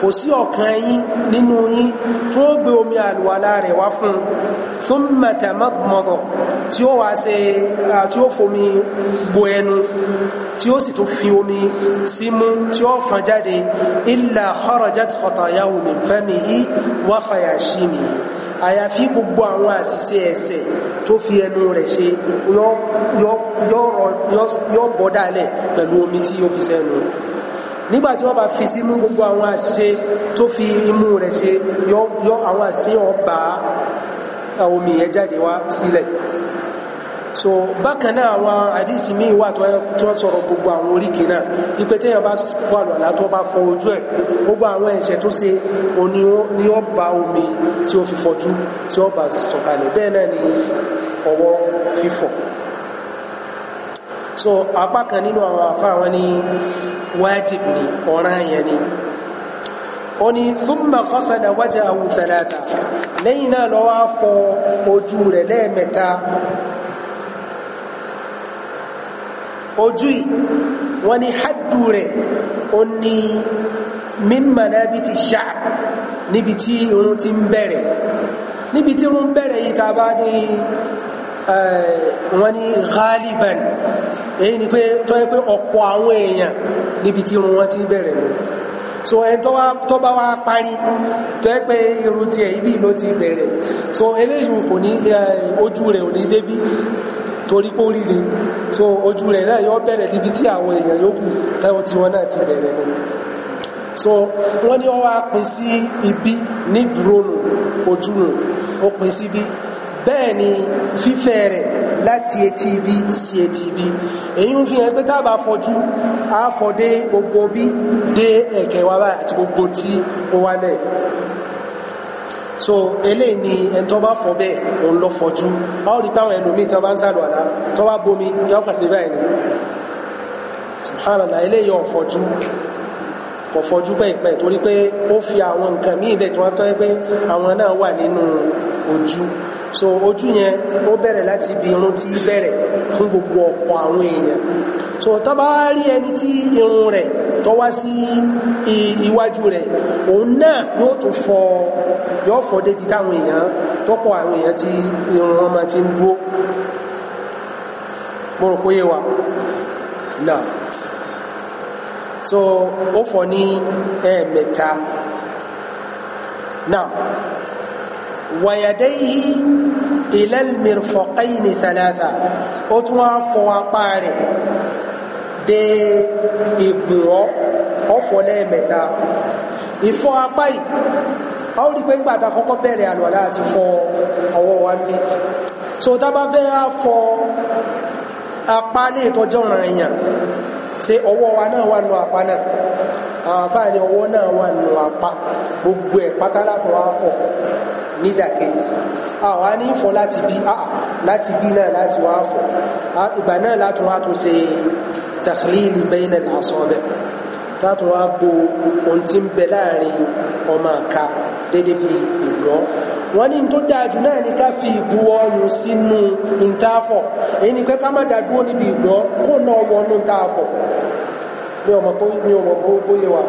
kò sí ọ̀kan yín nínú yín tí ó gbé omi àlùwàlá rẹ̀ wá fún un thumma tamadmada tí ó wá ṣe tí ó fomi bo ẹnu tí ó sì tún fi omi símú tí ó fọn jáde illa kharajat khatayahu min famihi wa khayashimihi àyàfi gbogbo àwọn àṣìṣe ẹ̀ṣẹ̀ tó fi ẹnu rẹ̀ ṣe yọ bọ́ dálẹ̀ pẹ̀lú omi tí yóò fi sẹ́nu nígbà tí wọ́n bá fi símú gbogbo àwọn àṣìṣe tó fi imú rẹ̀ ṣe yọ àwọn àṣìṣe yọ omi yẹn wá sílẹ̀. Si so bákan náà àwọn àdìsí míì wà tó ń sọ̀rọ̀ gbogbo àwọn oríkèé náà ipe téèyàn bá fọ àlọ́lá tó bá fọ ojú ẹ̀ gbogbo àwọn ẹ̀ṣẹ̀ tó ṣe ni wọ́n ba omi tí ó fi fọjú tí ó bá sọ̀kalẹ̀ bẹ́ẹ̀ náà ni ọwọ́ fífọ̀ so apá kan nínú àwọn àfa àwọn ni wájib ni ọ̀ràn yẹn ni ó ní thumma qasada wajhahu thalatha lẹ́yìn náà ló wá fọ ojú rẹ̀ lẹ́ẹ̀mẹ́ta ojú wani wọ́n ní haddu rẹ̀ ó ní min manabiti sha'r níbi tí irun ti ń bẹ̀rẹ̀ níbi tí irun bẹ̀rẹ̀ yìí tá a bá ní wọ́n ní ghaliban èyí ni pé tó yẹ pé ọ̀pọ̀ àwọn èèyàn níbi tí irun wọn ti bẹ̀rẹ̀ nù so ẹni tó bá wá parí tó yẹ pé irun tiẹ̀ ibi ló ti bẹ̀rẹ̀ so eléyìí kò ní ojú rẹ̀ ò ní débi torí pé ó rí ni so ojú rẹ̀ náà yọ bẹ̀rẹ̀ níbi tí àwọn èèyàn yòókù táwọn tiwọn náà ti bẹ̀rẹ̀ nù so wọ́n ní wọ́n wá pín sí ibi ní dúró nù ojú nù ó pín sí ibi bẹ́ẹ̀ ni fífẹ̀ rẹ̀ láti etí ibi sí etí ibi èyí ń fi hàn pé tábà fọjú á gbogbo bí dé ẹ̀kẹ́ wa báyìí àti gbogbo tí ó wálẹ̀ so eléyìí ni ẹni tó bá fọ bẹ́ẹ̀ òun lọ fọjú ọ rí báwọn ẹlòmíì tó bá ń sàlù àlá tó bá bomi yọ pàṣẹ báyìí ni subhanallah eléyìí ọ̀fọjú ọ̀fọjú pẹ̀pẹ̀ torí pé ó fi àwọn nǹkan míì lẹ̀ tí wọ́n tọ́ pé àwọn náà wà nínú ojú so ojú yẹn ó bẹ̀rẹ̀ láti ibi irun tí bẹ̀rẹ̀ fún gbogbo ọ̀pọ̀ àwọn èèyàn so tó bá rí ẹni tí irun rẹ̀ tó wá sí iwájú rẹ̀ òun náà yóò tún fọ yóò fọ débi táwọn èèyàn tọ́pọ̀ àwọn èèyàn tí irun wọn ti ń dúró mo rò yé wa náà so ó fọ ní ẹ̀ẹ̀mẹ́ta náà wàyàdẹ́yìí ilẹ̀ mìíràn fọ̀kẹ́yìn ní tàlàtà ó tún wá fọ apá rẹ̀ dé ìpùn ọ ọ̀fọ̀ lẹ́ẹ̀mẹ́ta ìfọ̀ apá yìí a ó rí pé ńgbà tá kọ́kọ́ bẹ̀rẹ̀ àlùwàlá àti fọ̀ wa ń bí so tá bá fẹ́ á fọ̀ apá ní ìtọ́jọ́ ọ̀ràn èèyàn ṣe ọwọ́ wa náà wà nù apá náà àfáà ní ọwọ́ náà wà nù apá gbogbo ẹ̀ pátá látọ̀ wá fọ̀ nídàkejì àwa ní fọ̀ láti bí láti bí náà láti wá fọ̀ ìgbà náà láti wá tún ṣe takhlili bayna al-asabi tààtù wa bo ohun tí ń bẹ láàrin ọmọ àka dédé bí ìgbọ́ wọ́n ní tó dájú náà ní ká fi ìbuwọ́ ọyùn sínú ìtaafọ̀ èyí ni pé ká má dàdúró níbi ìgbọ́ kó náà wọnú ìtaafọ̀ ní ọmọ ní ọmọ bóyá wa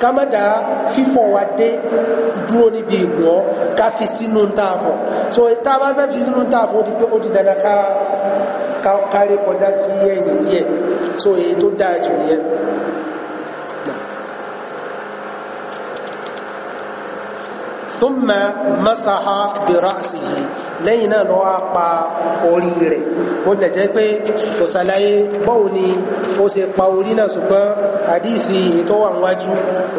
ká má dà fífọ̀ wa dé dúró níbi ìgbọ́ ká fi sínú ìtaafọ̀ so tá a bá fẹ́ fi sínú ìtaafọ̀ ó di pé ó di dandan ká kárí kọjá sí ẹ̀yìn díẹ̀ so èyí tó dáa jù nìyẹn. ثم مسح برأسه lẹ́yìn náà lọ́wọ́ pa orí rẹ̀ ó lè jẹ́ pé kò ṣàlàyé bọ́ọ̀ ni ó ṣe pa orí náà ṣùgbọ́n àdífi ètò wà níwájú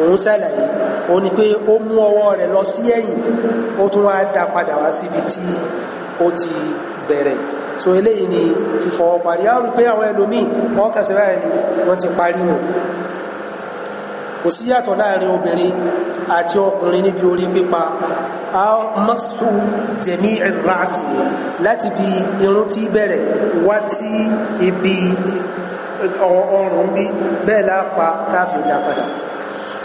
òun ṣàlàyé ó ní pé ó mú ọwọ́ rẹ̀ lọ sí ẹ̀yìn ó tún wá dá padà wá síbi tí ó ti bẹ̀rẹ̀ so eléyìí ni fífọwọ́ parí a rí pé àwọn ẹlòmíì wọ́n kẹsẹ̀ báyìí ni wọ́n ti parí nù kò sí yàtọ̀ láàrin obìnrin àti ọkùnrin níbi orí pípa a mọ́sùlù jẹ̀mí ẹ̀rọ̀ásì ni láti bi irun tí bẹ̀rẹ̀ wá tí ibi ọrùn bí bẹ́ẹ̀ lápa táàfin dá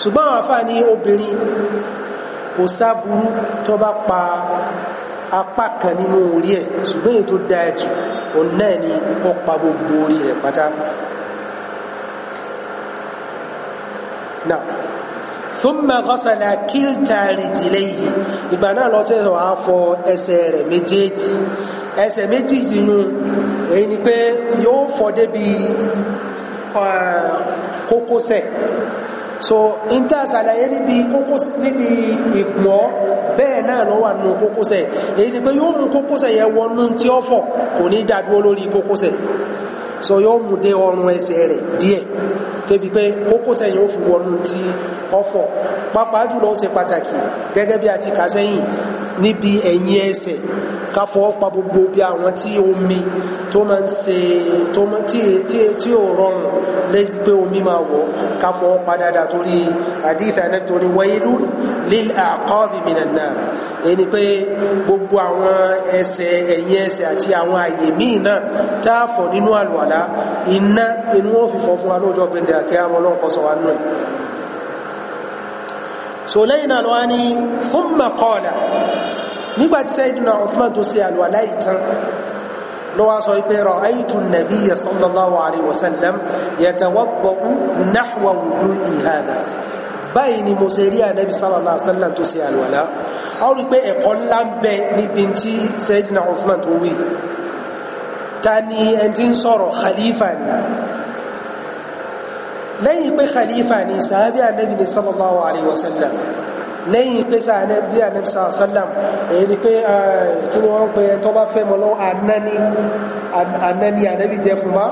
ṣùgbọ́n àwọn àfáà obìnrin kò sáburú tó bá pa apá kan nínú orí ẹ̀ ṣùgbọ́n èyí tó dáa jù òun náà ni kó pa gbogbo orí rẹ̀ pátá. náà thumma ghasala kilta rijlayhi ìgbà náà lọ sí ẹ̀sọ̀ àfọ ẹsẹ̀ rẹ̀ méjèèjì ẹsẹ̀ méjèèjì yun èyí ni pé yóò fọ débi kókósẹ̀ so n ta ṣàlàyé níbi kókó níbi ìpọ́ bẹ́ẹ̀ náà ló wà nù kókósẹ̀ èyí ni pé yóò mú kókósẹ̀ yẹn wọnú tí ó fọ̀ kò ní dádúró lórí kókósẹ̀ so yóò mú dé ọrùn ẹsẹ̀ rẹ̀ díẹ̀ tẹbi pé kókósẹ̀ yẹn ó fi wọnú tí ó fọ̀ pàápàá jùlọ ó ṣe pàtàkì gẹ́gẹ́ bí a ti kà sẹ́yìn níbi ẹ̀yìn ẹsẹ̀ ká fọwọ́ pa gbogbo bí àwọn tí omi tó máa ń ṣe tó máa tí tí tí ò rọrùn lẹ́yìn pé omi máa wọ̀ ká fọwọ́ pa dáadáa torí hadith Ànábì tó ní wailun lil aqabi minan nar ẹni pé gbogbo àwọn ẹsẹ̀ ẹ̀yìn ẹsẹ̀ àti àwọn àyè míì náà tá a fọ̀ nínú àlùwàlá iná inú wọn fi fọ́ fún wa lóòjọ́ gbẹ̀dẹ̀ àkẹ́ ọlọ́run kọ́sọ̀ wa nù ẹ̀ so lẹ́yìn náà lọ́wọ́ ni thumma qala nígbà tí Sayyidina Uthman tó ṣe àlùwàlá ìtàn lọ́wọ́ sọ pé ra'aytu an-nabiyya sallallahu alayhi wa sallam yatawadda'u nahwa wudu'i hadha báyìí ni mo ṣe rí ànábi sallallahu alayhi wa sallam tó lẹ́yìn pé khalifa ni sàábí ànábì ni sallallahu alayhi wa sallam lẹ́yìn pé sàábí ànábì sallam èyí ni pé kí ni wọ́n pe tó bá fẹ́ mọ́ lọ́wọ́ anani anani ànábì jẹ́ fún wa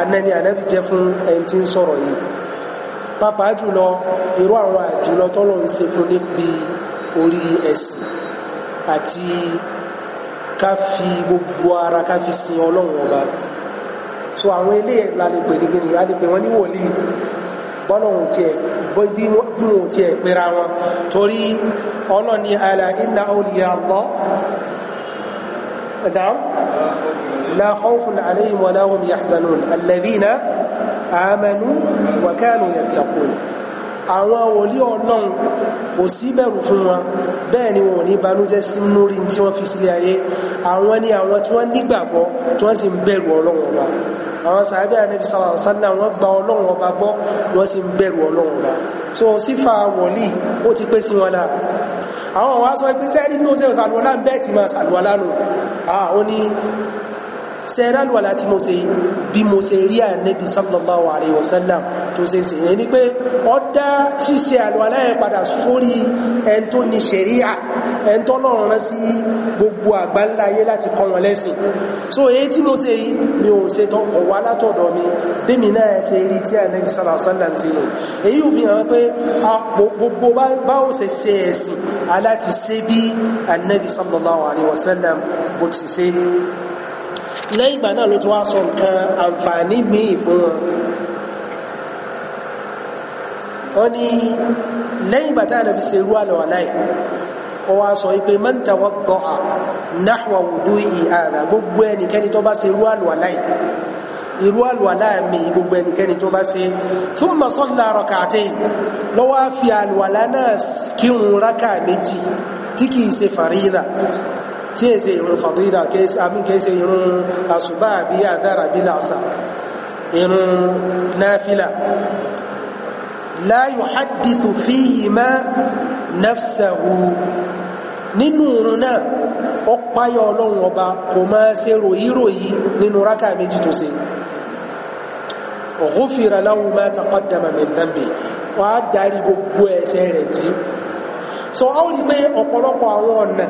anani ànábì jẹ́ fún ẹni tí ń sọ̀rọ̀ yìí pàápàá jùlọ irú àwọn àjùlọ tọ́lọ̀ ń ṣe fún níbi orí ẹ̀sìn àti ká fi gbogbo ara ká fi sin ọlọ́run ọba so àwọn eléyẹ la lè pè nìkejì a lè pè wọn ní wòlíì bọ́lọ̀hún tiẹ̀ bí wọn tiẹ̀ pera wọn torí ọlọ́ni ala inna awliya Allah نعم لا خوف عليهم ولا هم يحزنون الذين آمنوا وكانوا يتقون àwọn wòlíì ọlọ́run kò sí bẹ̀rù fún wọn bẹ́ẹ̀ ni wọn ò ní banújẹ́ sínú rí tí wọ́n fi sílé ayé àwọn ni àwọn tí wọ́n nígbàgbọ́ tí wọ́n sì ń bẹ̀rù ọlọ́run wa àwọn sàbẹ̀ anabi sallallahu alaihi wasallam wọ́n gba ọlọ́run ọba gbọ́ wọ́n sì ń bẹ̀rù ọlọ́run ọba so sífà wọ̀lì ó ti pé sí wọn la àwọn wa sọ pé sẹ́ẹ̀rí bí mo ṣe ṣàlùwọ́lá ń bẹ́ẹ̀ tí máa ṣàlùwọ́lá nù ó ní sẹ́ẹ̀rí àlùwọ́lá tí mo ṣe bí mo ṣe rí ànábì sallallahu alaihi wasallam tó ṣe ṣe yẹn ni pé ó dá ṣíṣe àlùwọ́lá yẹn padà sórí ẹni tó ní ṣẹ̀ríà ẹ̀ńtọ́ náà rán sí gbogbo àgbáńlá láti kọ́ wọn lẹ́sìn so èyí tí mo ṣe yìí mi ò ṣe tán kọ̀ wá látọ̀dọ̀ mi bẹ́mi náà ṣe rí tí ànábì sallallahu alaihi wasallam ṣe lò èyí ò fi hàn pé gbogbo báwo ṣe ṣe ẹ̀sìn aláti ṣe bí ànábì sallallahu wasallam bó ti ṣe lẹ́yìn ìgbà náà ló tún wá sọ nǹkan àǹfààní míì rú àlọ́ àláì ó wá sọ pé man tawadda'a nahwa wudu'i àdá gbogbo ẹnikẹ́ni tó bá ṣe irú àlùwàlá yìí irú àlùwàlá mi gbogbo ẹnikẹ́ni tó bá ṣe thumma salla rak'atayn ló wá fi àlùwàlá náà kírun rákà méjì tí kìí ṣe fàrídà tí èsè irun fàrídà àmì kẹsẹ irun àṣùbà àbí àdára àbí làṣà irun náfìlà la yuhaddithu fihima nafsahu nínú òun náà ó páyọ ọlọ́run ọba kò máa ṣe ròyíròyí nínú rákà méjì tó ṣe ghufira lahu ma taqaddama min dhanbi wọ́n á darí gbogbo ẹ̀ṣẹ̀ rẹ̀ jì so a ó rí pé ọ̀pọ̀lọpọ̀ àwọn ọ̀nà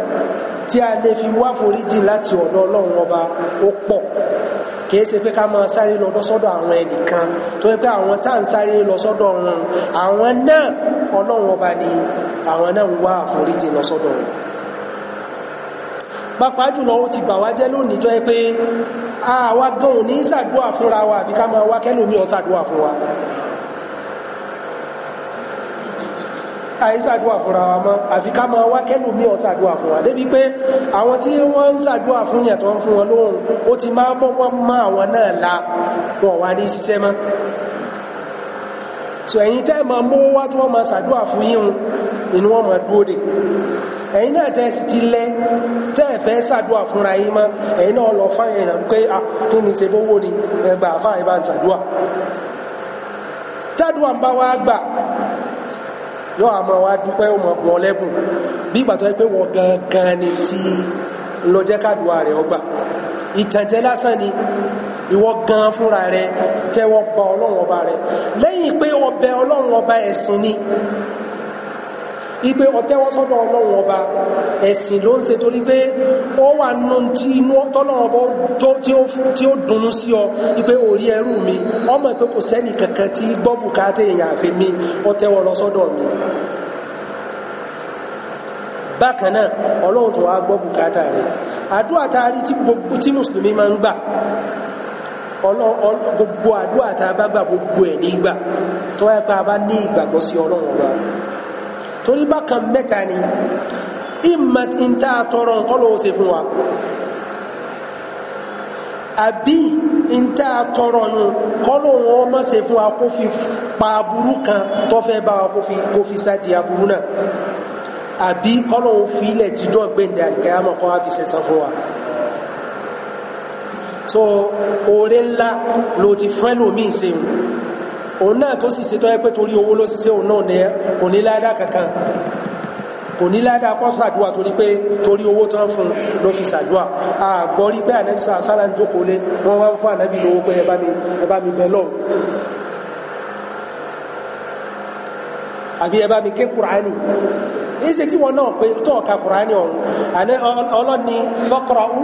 a lè fi wá foríjì láti ọ̀dọ̀ ọlọ́run ọba ó kìí ṣe pé ká máa sáré lọ sọ́dọ̀ àwọn ẹnìkan tó yẹ pé àwọn tá à ń sáré lọ sọ́dọ̀ wọn àwọn náà ọlọ́run ọba ni àwọn náà ń wá àforíjì lọ sọ́dọ̀ wọn. pàápàá jùlọ ó ti bà wá jẹ́ lónìí tó yẹ pé àwa gan ò ní ṣàdúrà fúnra wa àfi ká máa wá kẹ́lòmíì ó ṣàdúrà fún wa. àyè ṣàdúrà fúnra wa mọ́ àfi ká máa wá kẹ́lòmíì ó ṣàdúrà fún wa débi pé àwọn tí wọ́n ń ṣàdúrà fún yẹn tó ń fún wọn lóhùn ó ti máa bọ́ wọ́n mọ́ àwọn náà la wọn wá ní ṣiṣẹ́ mọ́ so ẹ̀yin tẹ́ máa mówó wá tí wọ́n máa ṣàdúrà fún yín inú wọn máa dúró dè ẹ̀yin náà tẹ́ sì ti lẹ́ tẹ́ ẹ̀fẹ́ ṣàdúrà fúnra yín mọ́ ẹ̀yin náà lọ fáyẹn ìràn pé kí ni ṣe bówó ni ẹgbà àfáà ìbá ń ṣàdúrà tádùn àbáwá gbà yóò àmọ́ wa dúpẹ́ ọmọ ọ̀gbọ́n lẹ́bùn bí ìgbà tó yẹ gangan ni ti lọ jẹ́ kádùá rẹ̀ ọgbà ìtànjẹ lásán ni ìwọ gan fúnra rẹ̀ tẹ́wọ́ bá ọlọ́run ọba rẹ̀ lẹ́yìn pé ọbẹ̀ ọlọ́run ọba ẹ̀sìn ni ipe ọ̀tẹ́wọ́ sọ́dọ̀ ọlọ́run ọba ẹ̀sìn ló ń ṣe torí pé ó wà nù tí inú tọ́lọ́run ọba tí ó dùnnú sí ọ ipe orí ẹrú mi ọmọ ìpé kò sẹ́nì kankan tí gbọ́ bùkátà èèyàn àfi mi ọ̀tẹ́wọ́ lọ sọ́dọ̀ mi bákan náà ọlọ́run tó wá gbọ́ bùkátà rẹ̀ àdúrà tá a rí tí mùsùlùmí máa ń gbà gbogbo àdúrà tá gbà gbogbo ẹ̀ nígbà tó yẹ pé a bá ní ìgbàgbọ́ sí ọlọ́run ọba torí bákan mẹ́ta ni ìmọ̀ tí ń tá a tọrọ nǹkan ló ń ṣe fún wa àbí ń tá a tọrọ yun kọ́ ló ń wọ́n fún wa kó fi pa aburú kan tó bá wa kó fi sáàdì aburú náà àbí kọ́ ló fi ilẹ̀ jíjọ́ gbẹ̀ǹdẹ̀ àdìgáyàmọ̀ kọ́ wa fi ṣẹ̀san fún wa so oore ńlá ló ti fún ẹlòmíì ṣeun òun náà tó sì ṣe tó yẹ pé torí owó ló ṣiṣẹ́ òun náà ní ẹ kò ní ládà kankan kò ní ládà kó ṣàdúà torí pé torí owó tán fún ló fi ṣàdúà àgbọ́ rí pé ànẹ́bísà sálà ń jókòó lé wọ́n wá ń fún ànẹ́bí lówó pé ẹ bá mi ẹ bá mi bẹ lọ́wọ́ àbí ẹ bá mi ké kúránì èsì tí wọn náà pé tó ọ̀ka kùránì ọ̀hún àní ọlọ́ni faqra'u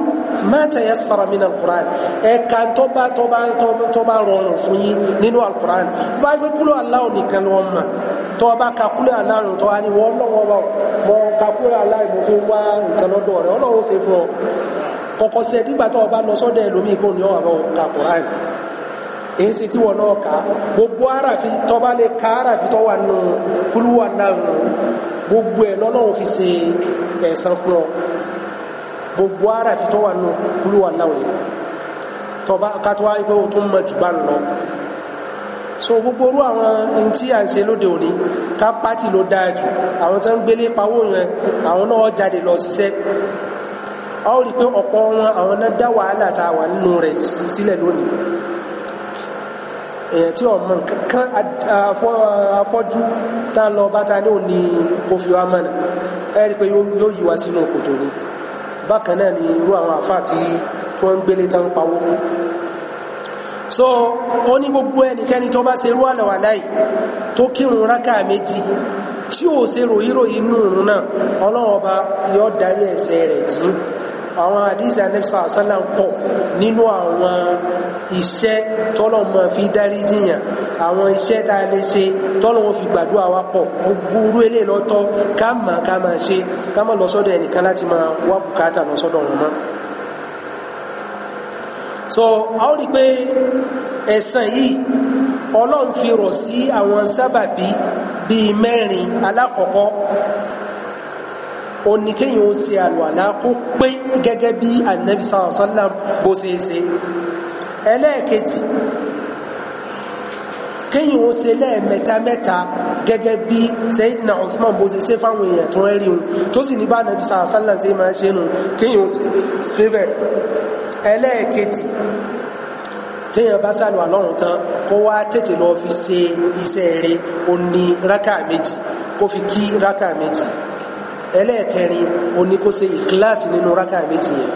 ma tayassara min al-Qur'an ẹ̀ka tó bá tó bá tó bá rọrùn fún yín nínú al-Qur'an bá gbé kúlọ̀ Allahu nìkan ni wọ́n mọ̀ tó bá ka kúlọ̀ Allahu tó wá ní wọ́n lọ́wọ́ bá mọ ka kúlọ̀ Allahu mo fi wá nǹkan lọ́dọ̀ rẹ̀ ọlọ́wọ́ ṣe fún ọ kọ̀kọ́ sẹ́ èyí tí wọn náà kà gbogbo ara fi tó lè ka ara fi tó wà nù kúlúwà náà nù gbogbo ẹ̀ lọ́lọ́run fi ṣe ẹ̀san fún ọ gbogbo ara fi tọ́wà nù kúrú wà láwọn yìí tọba kátó wáyé o tún mọ jù bá ń lọ so gbogbo orú àwọn ẹni tí à ń ṣe lóde òní ká pátì ló dáa jù àwọn tó ń gbélé pawó yẹn àwọn náà jáde lọ ṣiṣẹ́ ọ rí pé ọ̀pọ̀ wọn àwọn náà dá wàhálà tá wà nínú rẹ̀ sílẹ̀ lónìí èèyàn tí ọmọ nǹkan afọ́jú tá lọ bá ta ní òní òfin wa mọ̀nà ẹ pé yóò yí wa sínú kòtò ni bákan náà ni irú àwọn àfa tí wọ́n ń gbélé tán pawó so ó ní gbogbo ẹnikẹ́ni tó bá ṣerú àlọ́wàlá yìí tó kírun rákà méjì tí ò ṣe ròyìnròyìn nù náà ọlọ́run ọba yóò darí ẹ̀ṣẹ̀ rẹ̀ jìn àwọn àdìsí anẹ́bísà sálà ń pọ̀ nínú àwọn iṣẹ́ tọ́lọ̀ mọ́ fi dárí jìyàn àwọn iṣẹ́ tá a lè ṣe tọ́lọ̀ fi gbàdúrà wa pọ̀ gbúrú eléyìí lọ́tọ́ ká mà ká máa ṣe ká má lọ sọ́dọ̀ ẹnìkan láti máa wá bùkátà lọ sọ́dọ̀ wọn mọ́. so a ó rí i pé ẹ̀sán yìí ọlọ́run fi rọ̀ sí àwọn sábàbí bíi mẹ́rin alákọ̀ọ́kọ́ ó ní kéèyàn ó ṣe àlùwàlá kó pé gẹ́gẹ́ bí anabi sallallahu sallam bó ṣe ṣe ẹlẹ́ẹ̀kejì kéèyàn ó ṣe lẹ́ẹ̀mẹ́ta mẹ́ta gẹ́gẹ́ bí Sayyidina Uthman bó ṣe ṣe fáwọn èèyàn tó ń rí tó sì ní bá anabi sallallahu alayhi wa sallam ṣe máa ṣe nù kéèyàn ó ṣe bẹ́ẹ̀ ẹlẹ́ẹ̀kejì téèyàn bá sálù àlọ́run tán kó wá tètè lọ fi ṣe iṣẹ́ rẹ̀ ó rákà méjì kó fi kí rákà méjì ẹlẹ́ẹ̀kẹrin ó ní kó ṣe ìkíláàsì nínú rákà méjì yẹn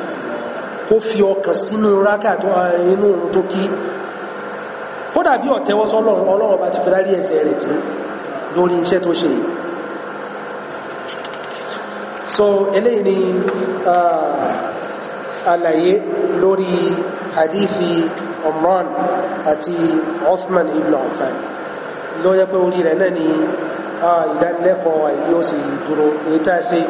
kó fi ọkàn sínú rákà tó inú òun tó kí kódà bí ọ̀tẹ́wọ́sọ́ ọlọ́run ọlọ́run bá ti fi dárí ẹ̀ṣẹ̀ rẹ̀ jì lórí iṣẹ́ tó ṣe so eléyìí ni àlàyé lórí hadithi Umran àti Uthman ibn Affan ló pé orí rẹ̀ náà ni ìdánilẹ́kọ̀ọ́ àìbí ó sì dúró èyí tá a ṣe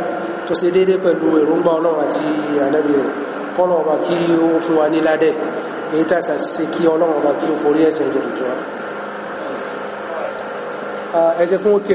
tó ṣe déédéé pẹ̀lú èròǹgbà ọlọ́run àti ànábì rẹ̀ kọ́nà ọba kí ó fún wa ní ládẹ̀ èyí tá a ṣe kí ọlọ́run ọba kí ó forí ẹ̀ṣẹ̀ jẹ̀dùjọ́ ẹ jẹ́ kí wọ́n kí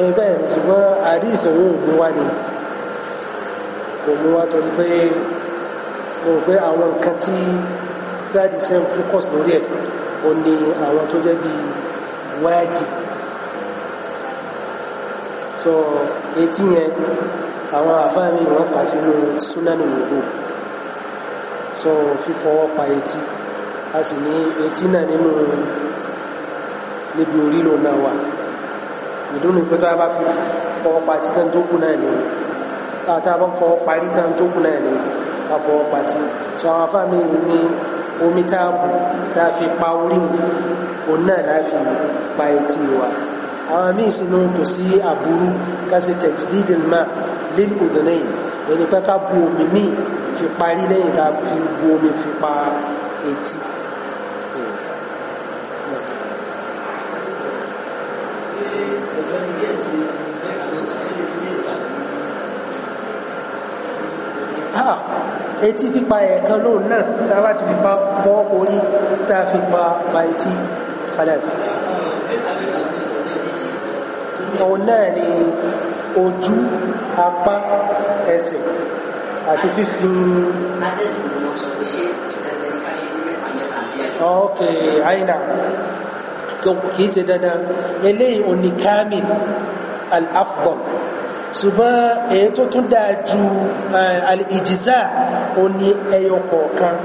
ẹ bẹ́ẹ̀ ni ṣùgbọ́n àdìsí òun wá ni kò mú wá torí pé mo pé àwọn nǹkan tí dáàdì ṣe ń fókọ̀sì lórí ẹ̀ ó ní àwọn tó jẹ́ bíi wáàjì so etí yẹn àwọn àfáàmì wọn pa sínú súnánù lòdù so fífọwọ́ pa etí a sì ní etí náà nínú níbi orílò náà wà ìdúnnù pé tó a bá fi fọwọ́ pa títàn tó kù náà ni tá a bá fọwọ́ parí tán tó kù náà ni ká fọwọ́ pa tí so àwọn afáàmì ní omi tá a bù tá a fi pa orí mu òun náà láà fi pa etí wa àwọn míì sínú kò sí àbúrú ká ṣe lílù òdìnnẹ́yìn ẹni pé ká bu omi míì fi parí lẹ́yìn tá a fi bu omi fi pa etí. etí pípa ẹ̀ẹ̀kan lóun náà tá a bá ti fi pa bọ́ orí tá a fi pa pa etí kálẹ̀s. òun náà ni ojú apá ẹsẹ̀ àti fífi. ok àyìnà kì í ṣe dandan eléyìí òní kamil al-afdal ṣùgbọ́n èyí tó tún dáa ju eh, al-ijiza. Uh, ó ní ẹyọ kọ̀ọ̀kan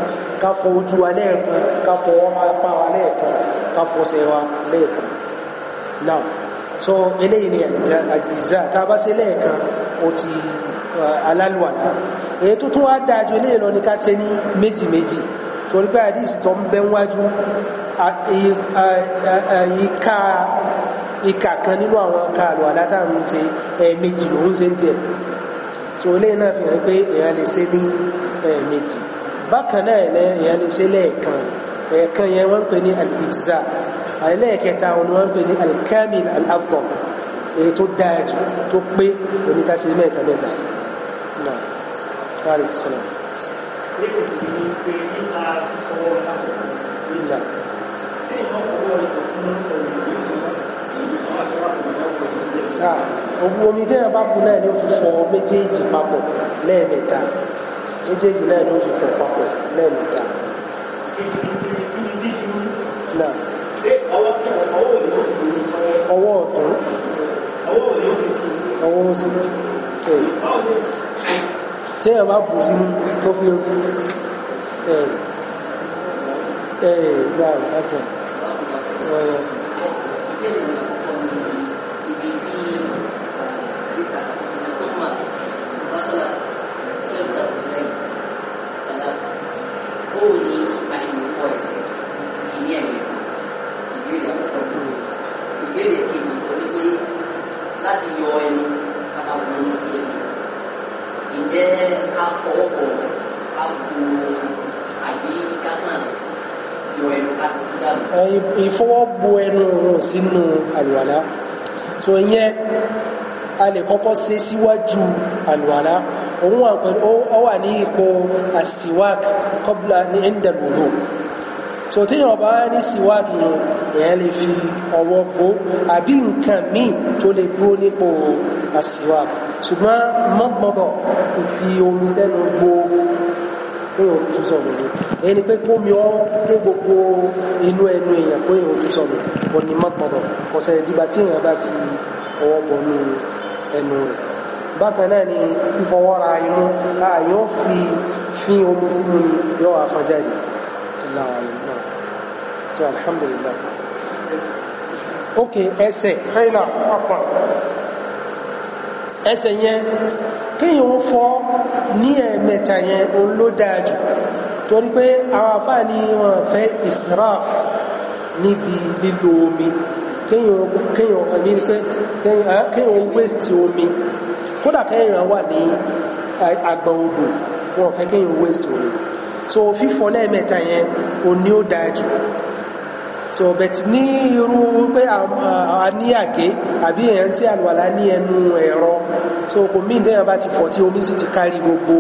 ká fọ ojú wa lẹ́ẹ̀kan ká ọmọ apá wa lẹ́ẹ̀kan ká fọ wa lẹ́ẹ̀kan now so eléyìí ni àjìzá tá a bá ṣe lẹ́ẹ̀kan ó ti uh, alálùwàlá èyí tuntun wá dáa eléyìí lọ ni ká ṣe ní méjì méjì torí pé àdìsí tó ń bẹ wájú ìka ìka kan nínú àwọn ká àlùwàlá tá ẹ̀ẹ̀mejì lòún ṣe ń tiẹ̀ tó ilé náà fi hàn pé èèyàn lè ṣe ní ẹ̀ẹ̀mejì bákan náà èèyàn lè ṣe lẹ́ẹ̀kan ẹ̀ẹ̀kan yẹn wọ́n ń pè ní al-ijza ẹlẹ́ẹ̀kẹta wọn wọ́n ń pè ní al-kamil al-afdal èyí tó dáa jù tó pé oníkàṣe mẹ́ta mẹ́ta náà òwú omi tí yẹn bá bu náà ni ó fi fọ méjèèjì papọ̀ lẹ́ẹ̀mẹ́ta méjèèjì náà ni ó fi fọ papọ̀ lẹ́ẹ̀mẹ́ta. náà ọwọ́ ọ̀tún ọwọ́ òsì tí yẹn bá bu sínú tó fi ẹ̀ẹ́ ẹ̀ẹ́ dáa ẹ̀fẹ̀ wọ́n yẹn. ìfọwọ́ bo ẹnu òun sínú àlùwàlá tó yẹn a lè kọ́kọ́ ṣe síwájú àlùwàlá òun wà pẹ̀lú ọ wà ní ipò àsìwák kọ́bùlà ní ẹ̀ńdàlùwò tó téèyàn bá ní síwák yẹn èèyàn lè fi ọwọ́ bo àbí nǹkan míì tó lè dúró nípò àsìwák ṣùgbọ́n mọ́tmọ́tọ̀ fi omi sẹ́nu bo ó tó sọ̀rọ̀ lókè ẹni pé kó mi ọ́ dé gbogbo inú ẹnu èèyàn pé o ti sọnù kò ní má tọrọ kò sẹ ìdìbà tí èèyàn bá fi ọwọ́ bọ̀ ní ẹnu rẹ̀ bákan náà ni fífọwọ́ra inú ààyàn fi fín omi sínú ni yọ àfọjáde láwọn àyè náà tó alhamdulillah ok ẹsẹ̀ ẹ̀nà afọ̀n ẹsẹ̀ yẹn kéèyàn fọ́ ní ẹ̀ẹ̀mẹ́ta yẹn òun ló dáa jù torí pé àwọn àfáà ni wọ́n fẹ́ israf níbi lílo omi kéèyàn ní pé eh, kéèyàn waste omi kódà kéèyàn wà ní eh, àgbà odò wọ́n fẹ́ kéèyàn waste omi so fífọ̀ lẹ́ẹ̀mẹ́ta yẹn òní ó dáa so but ní irú pé a ní àgé àbí èèyàn sí àlùwàlá ní ẹnu ẹ̀rọ so kò mí téèyàn bá ti fọ̀ tí omi sì ti kárí gbogbo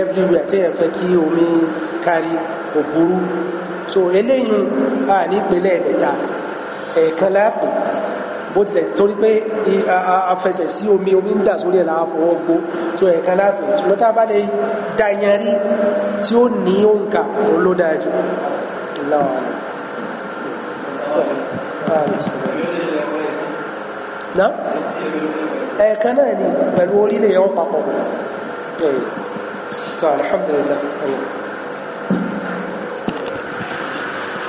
everywhere téèyàn fẹ́ kí omi kárí kò so eléyìí a ní ìpínlẹ̀ ẹ̀mẹ́ta ẹ̀ẹ̀kan láàpè bó tilẹ̀ torí pé afẹsẹ̀ sí omi omi ń dà sórí ẹ̀ láà fọwọ́ gbó tó ẹ̀ẹ̀kan láàpè ṣùgbọ́n tá a bá lè da yẹn rí tí ó ní òǹkà òun ló dáa jù láwọn àná alayhi wasallam náà ẹ̀ẹ̀kan náà ni pẹ̀lú orílẹ̀ yẹn papọ̀ tó alhamdulillah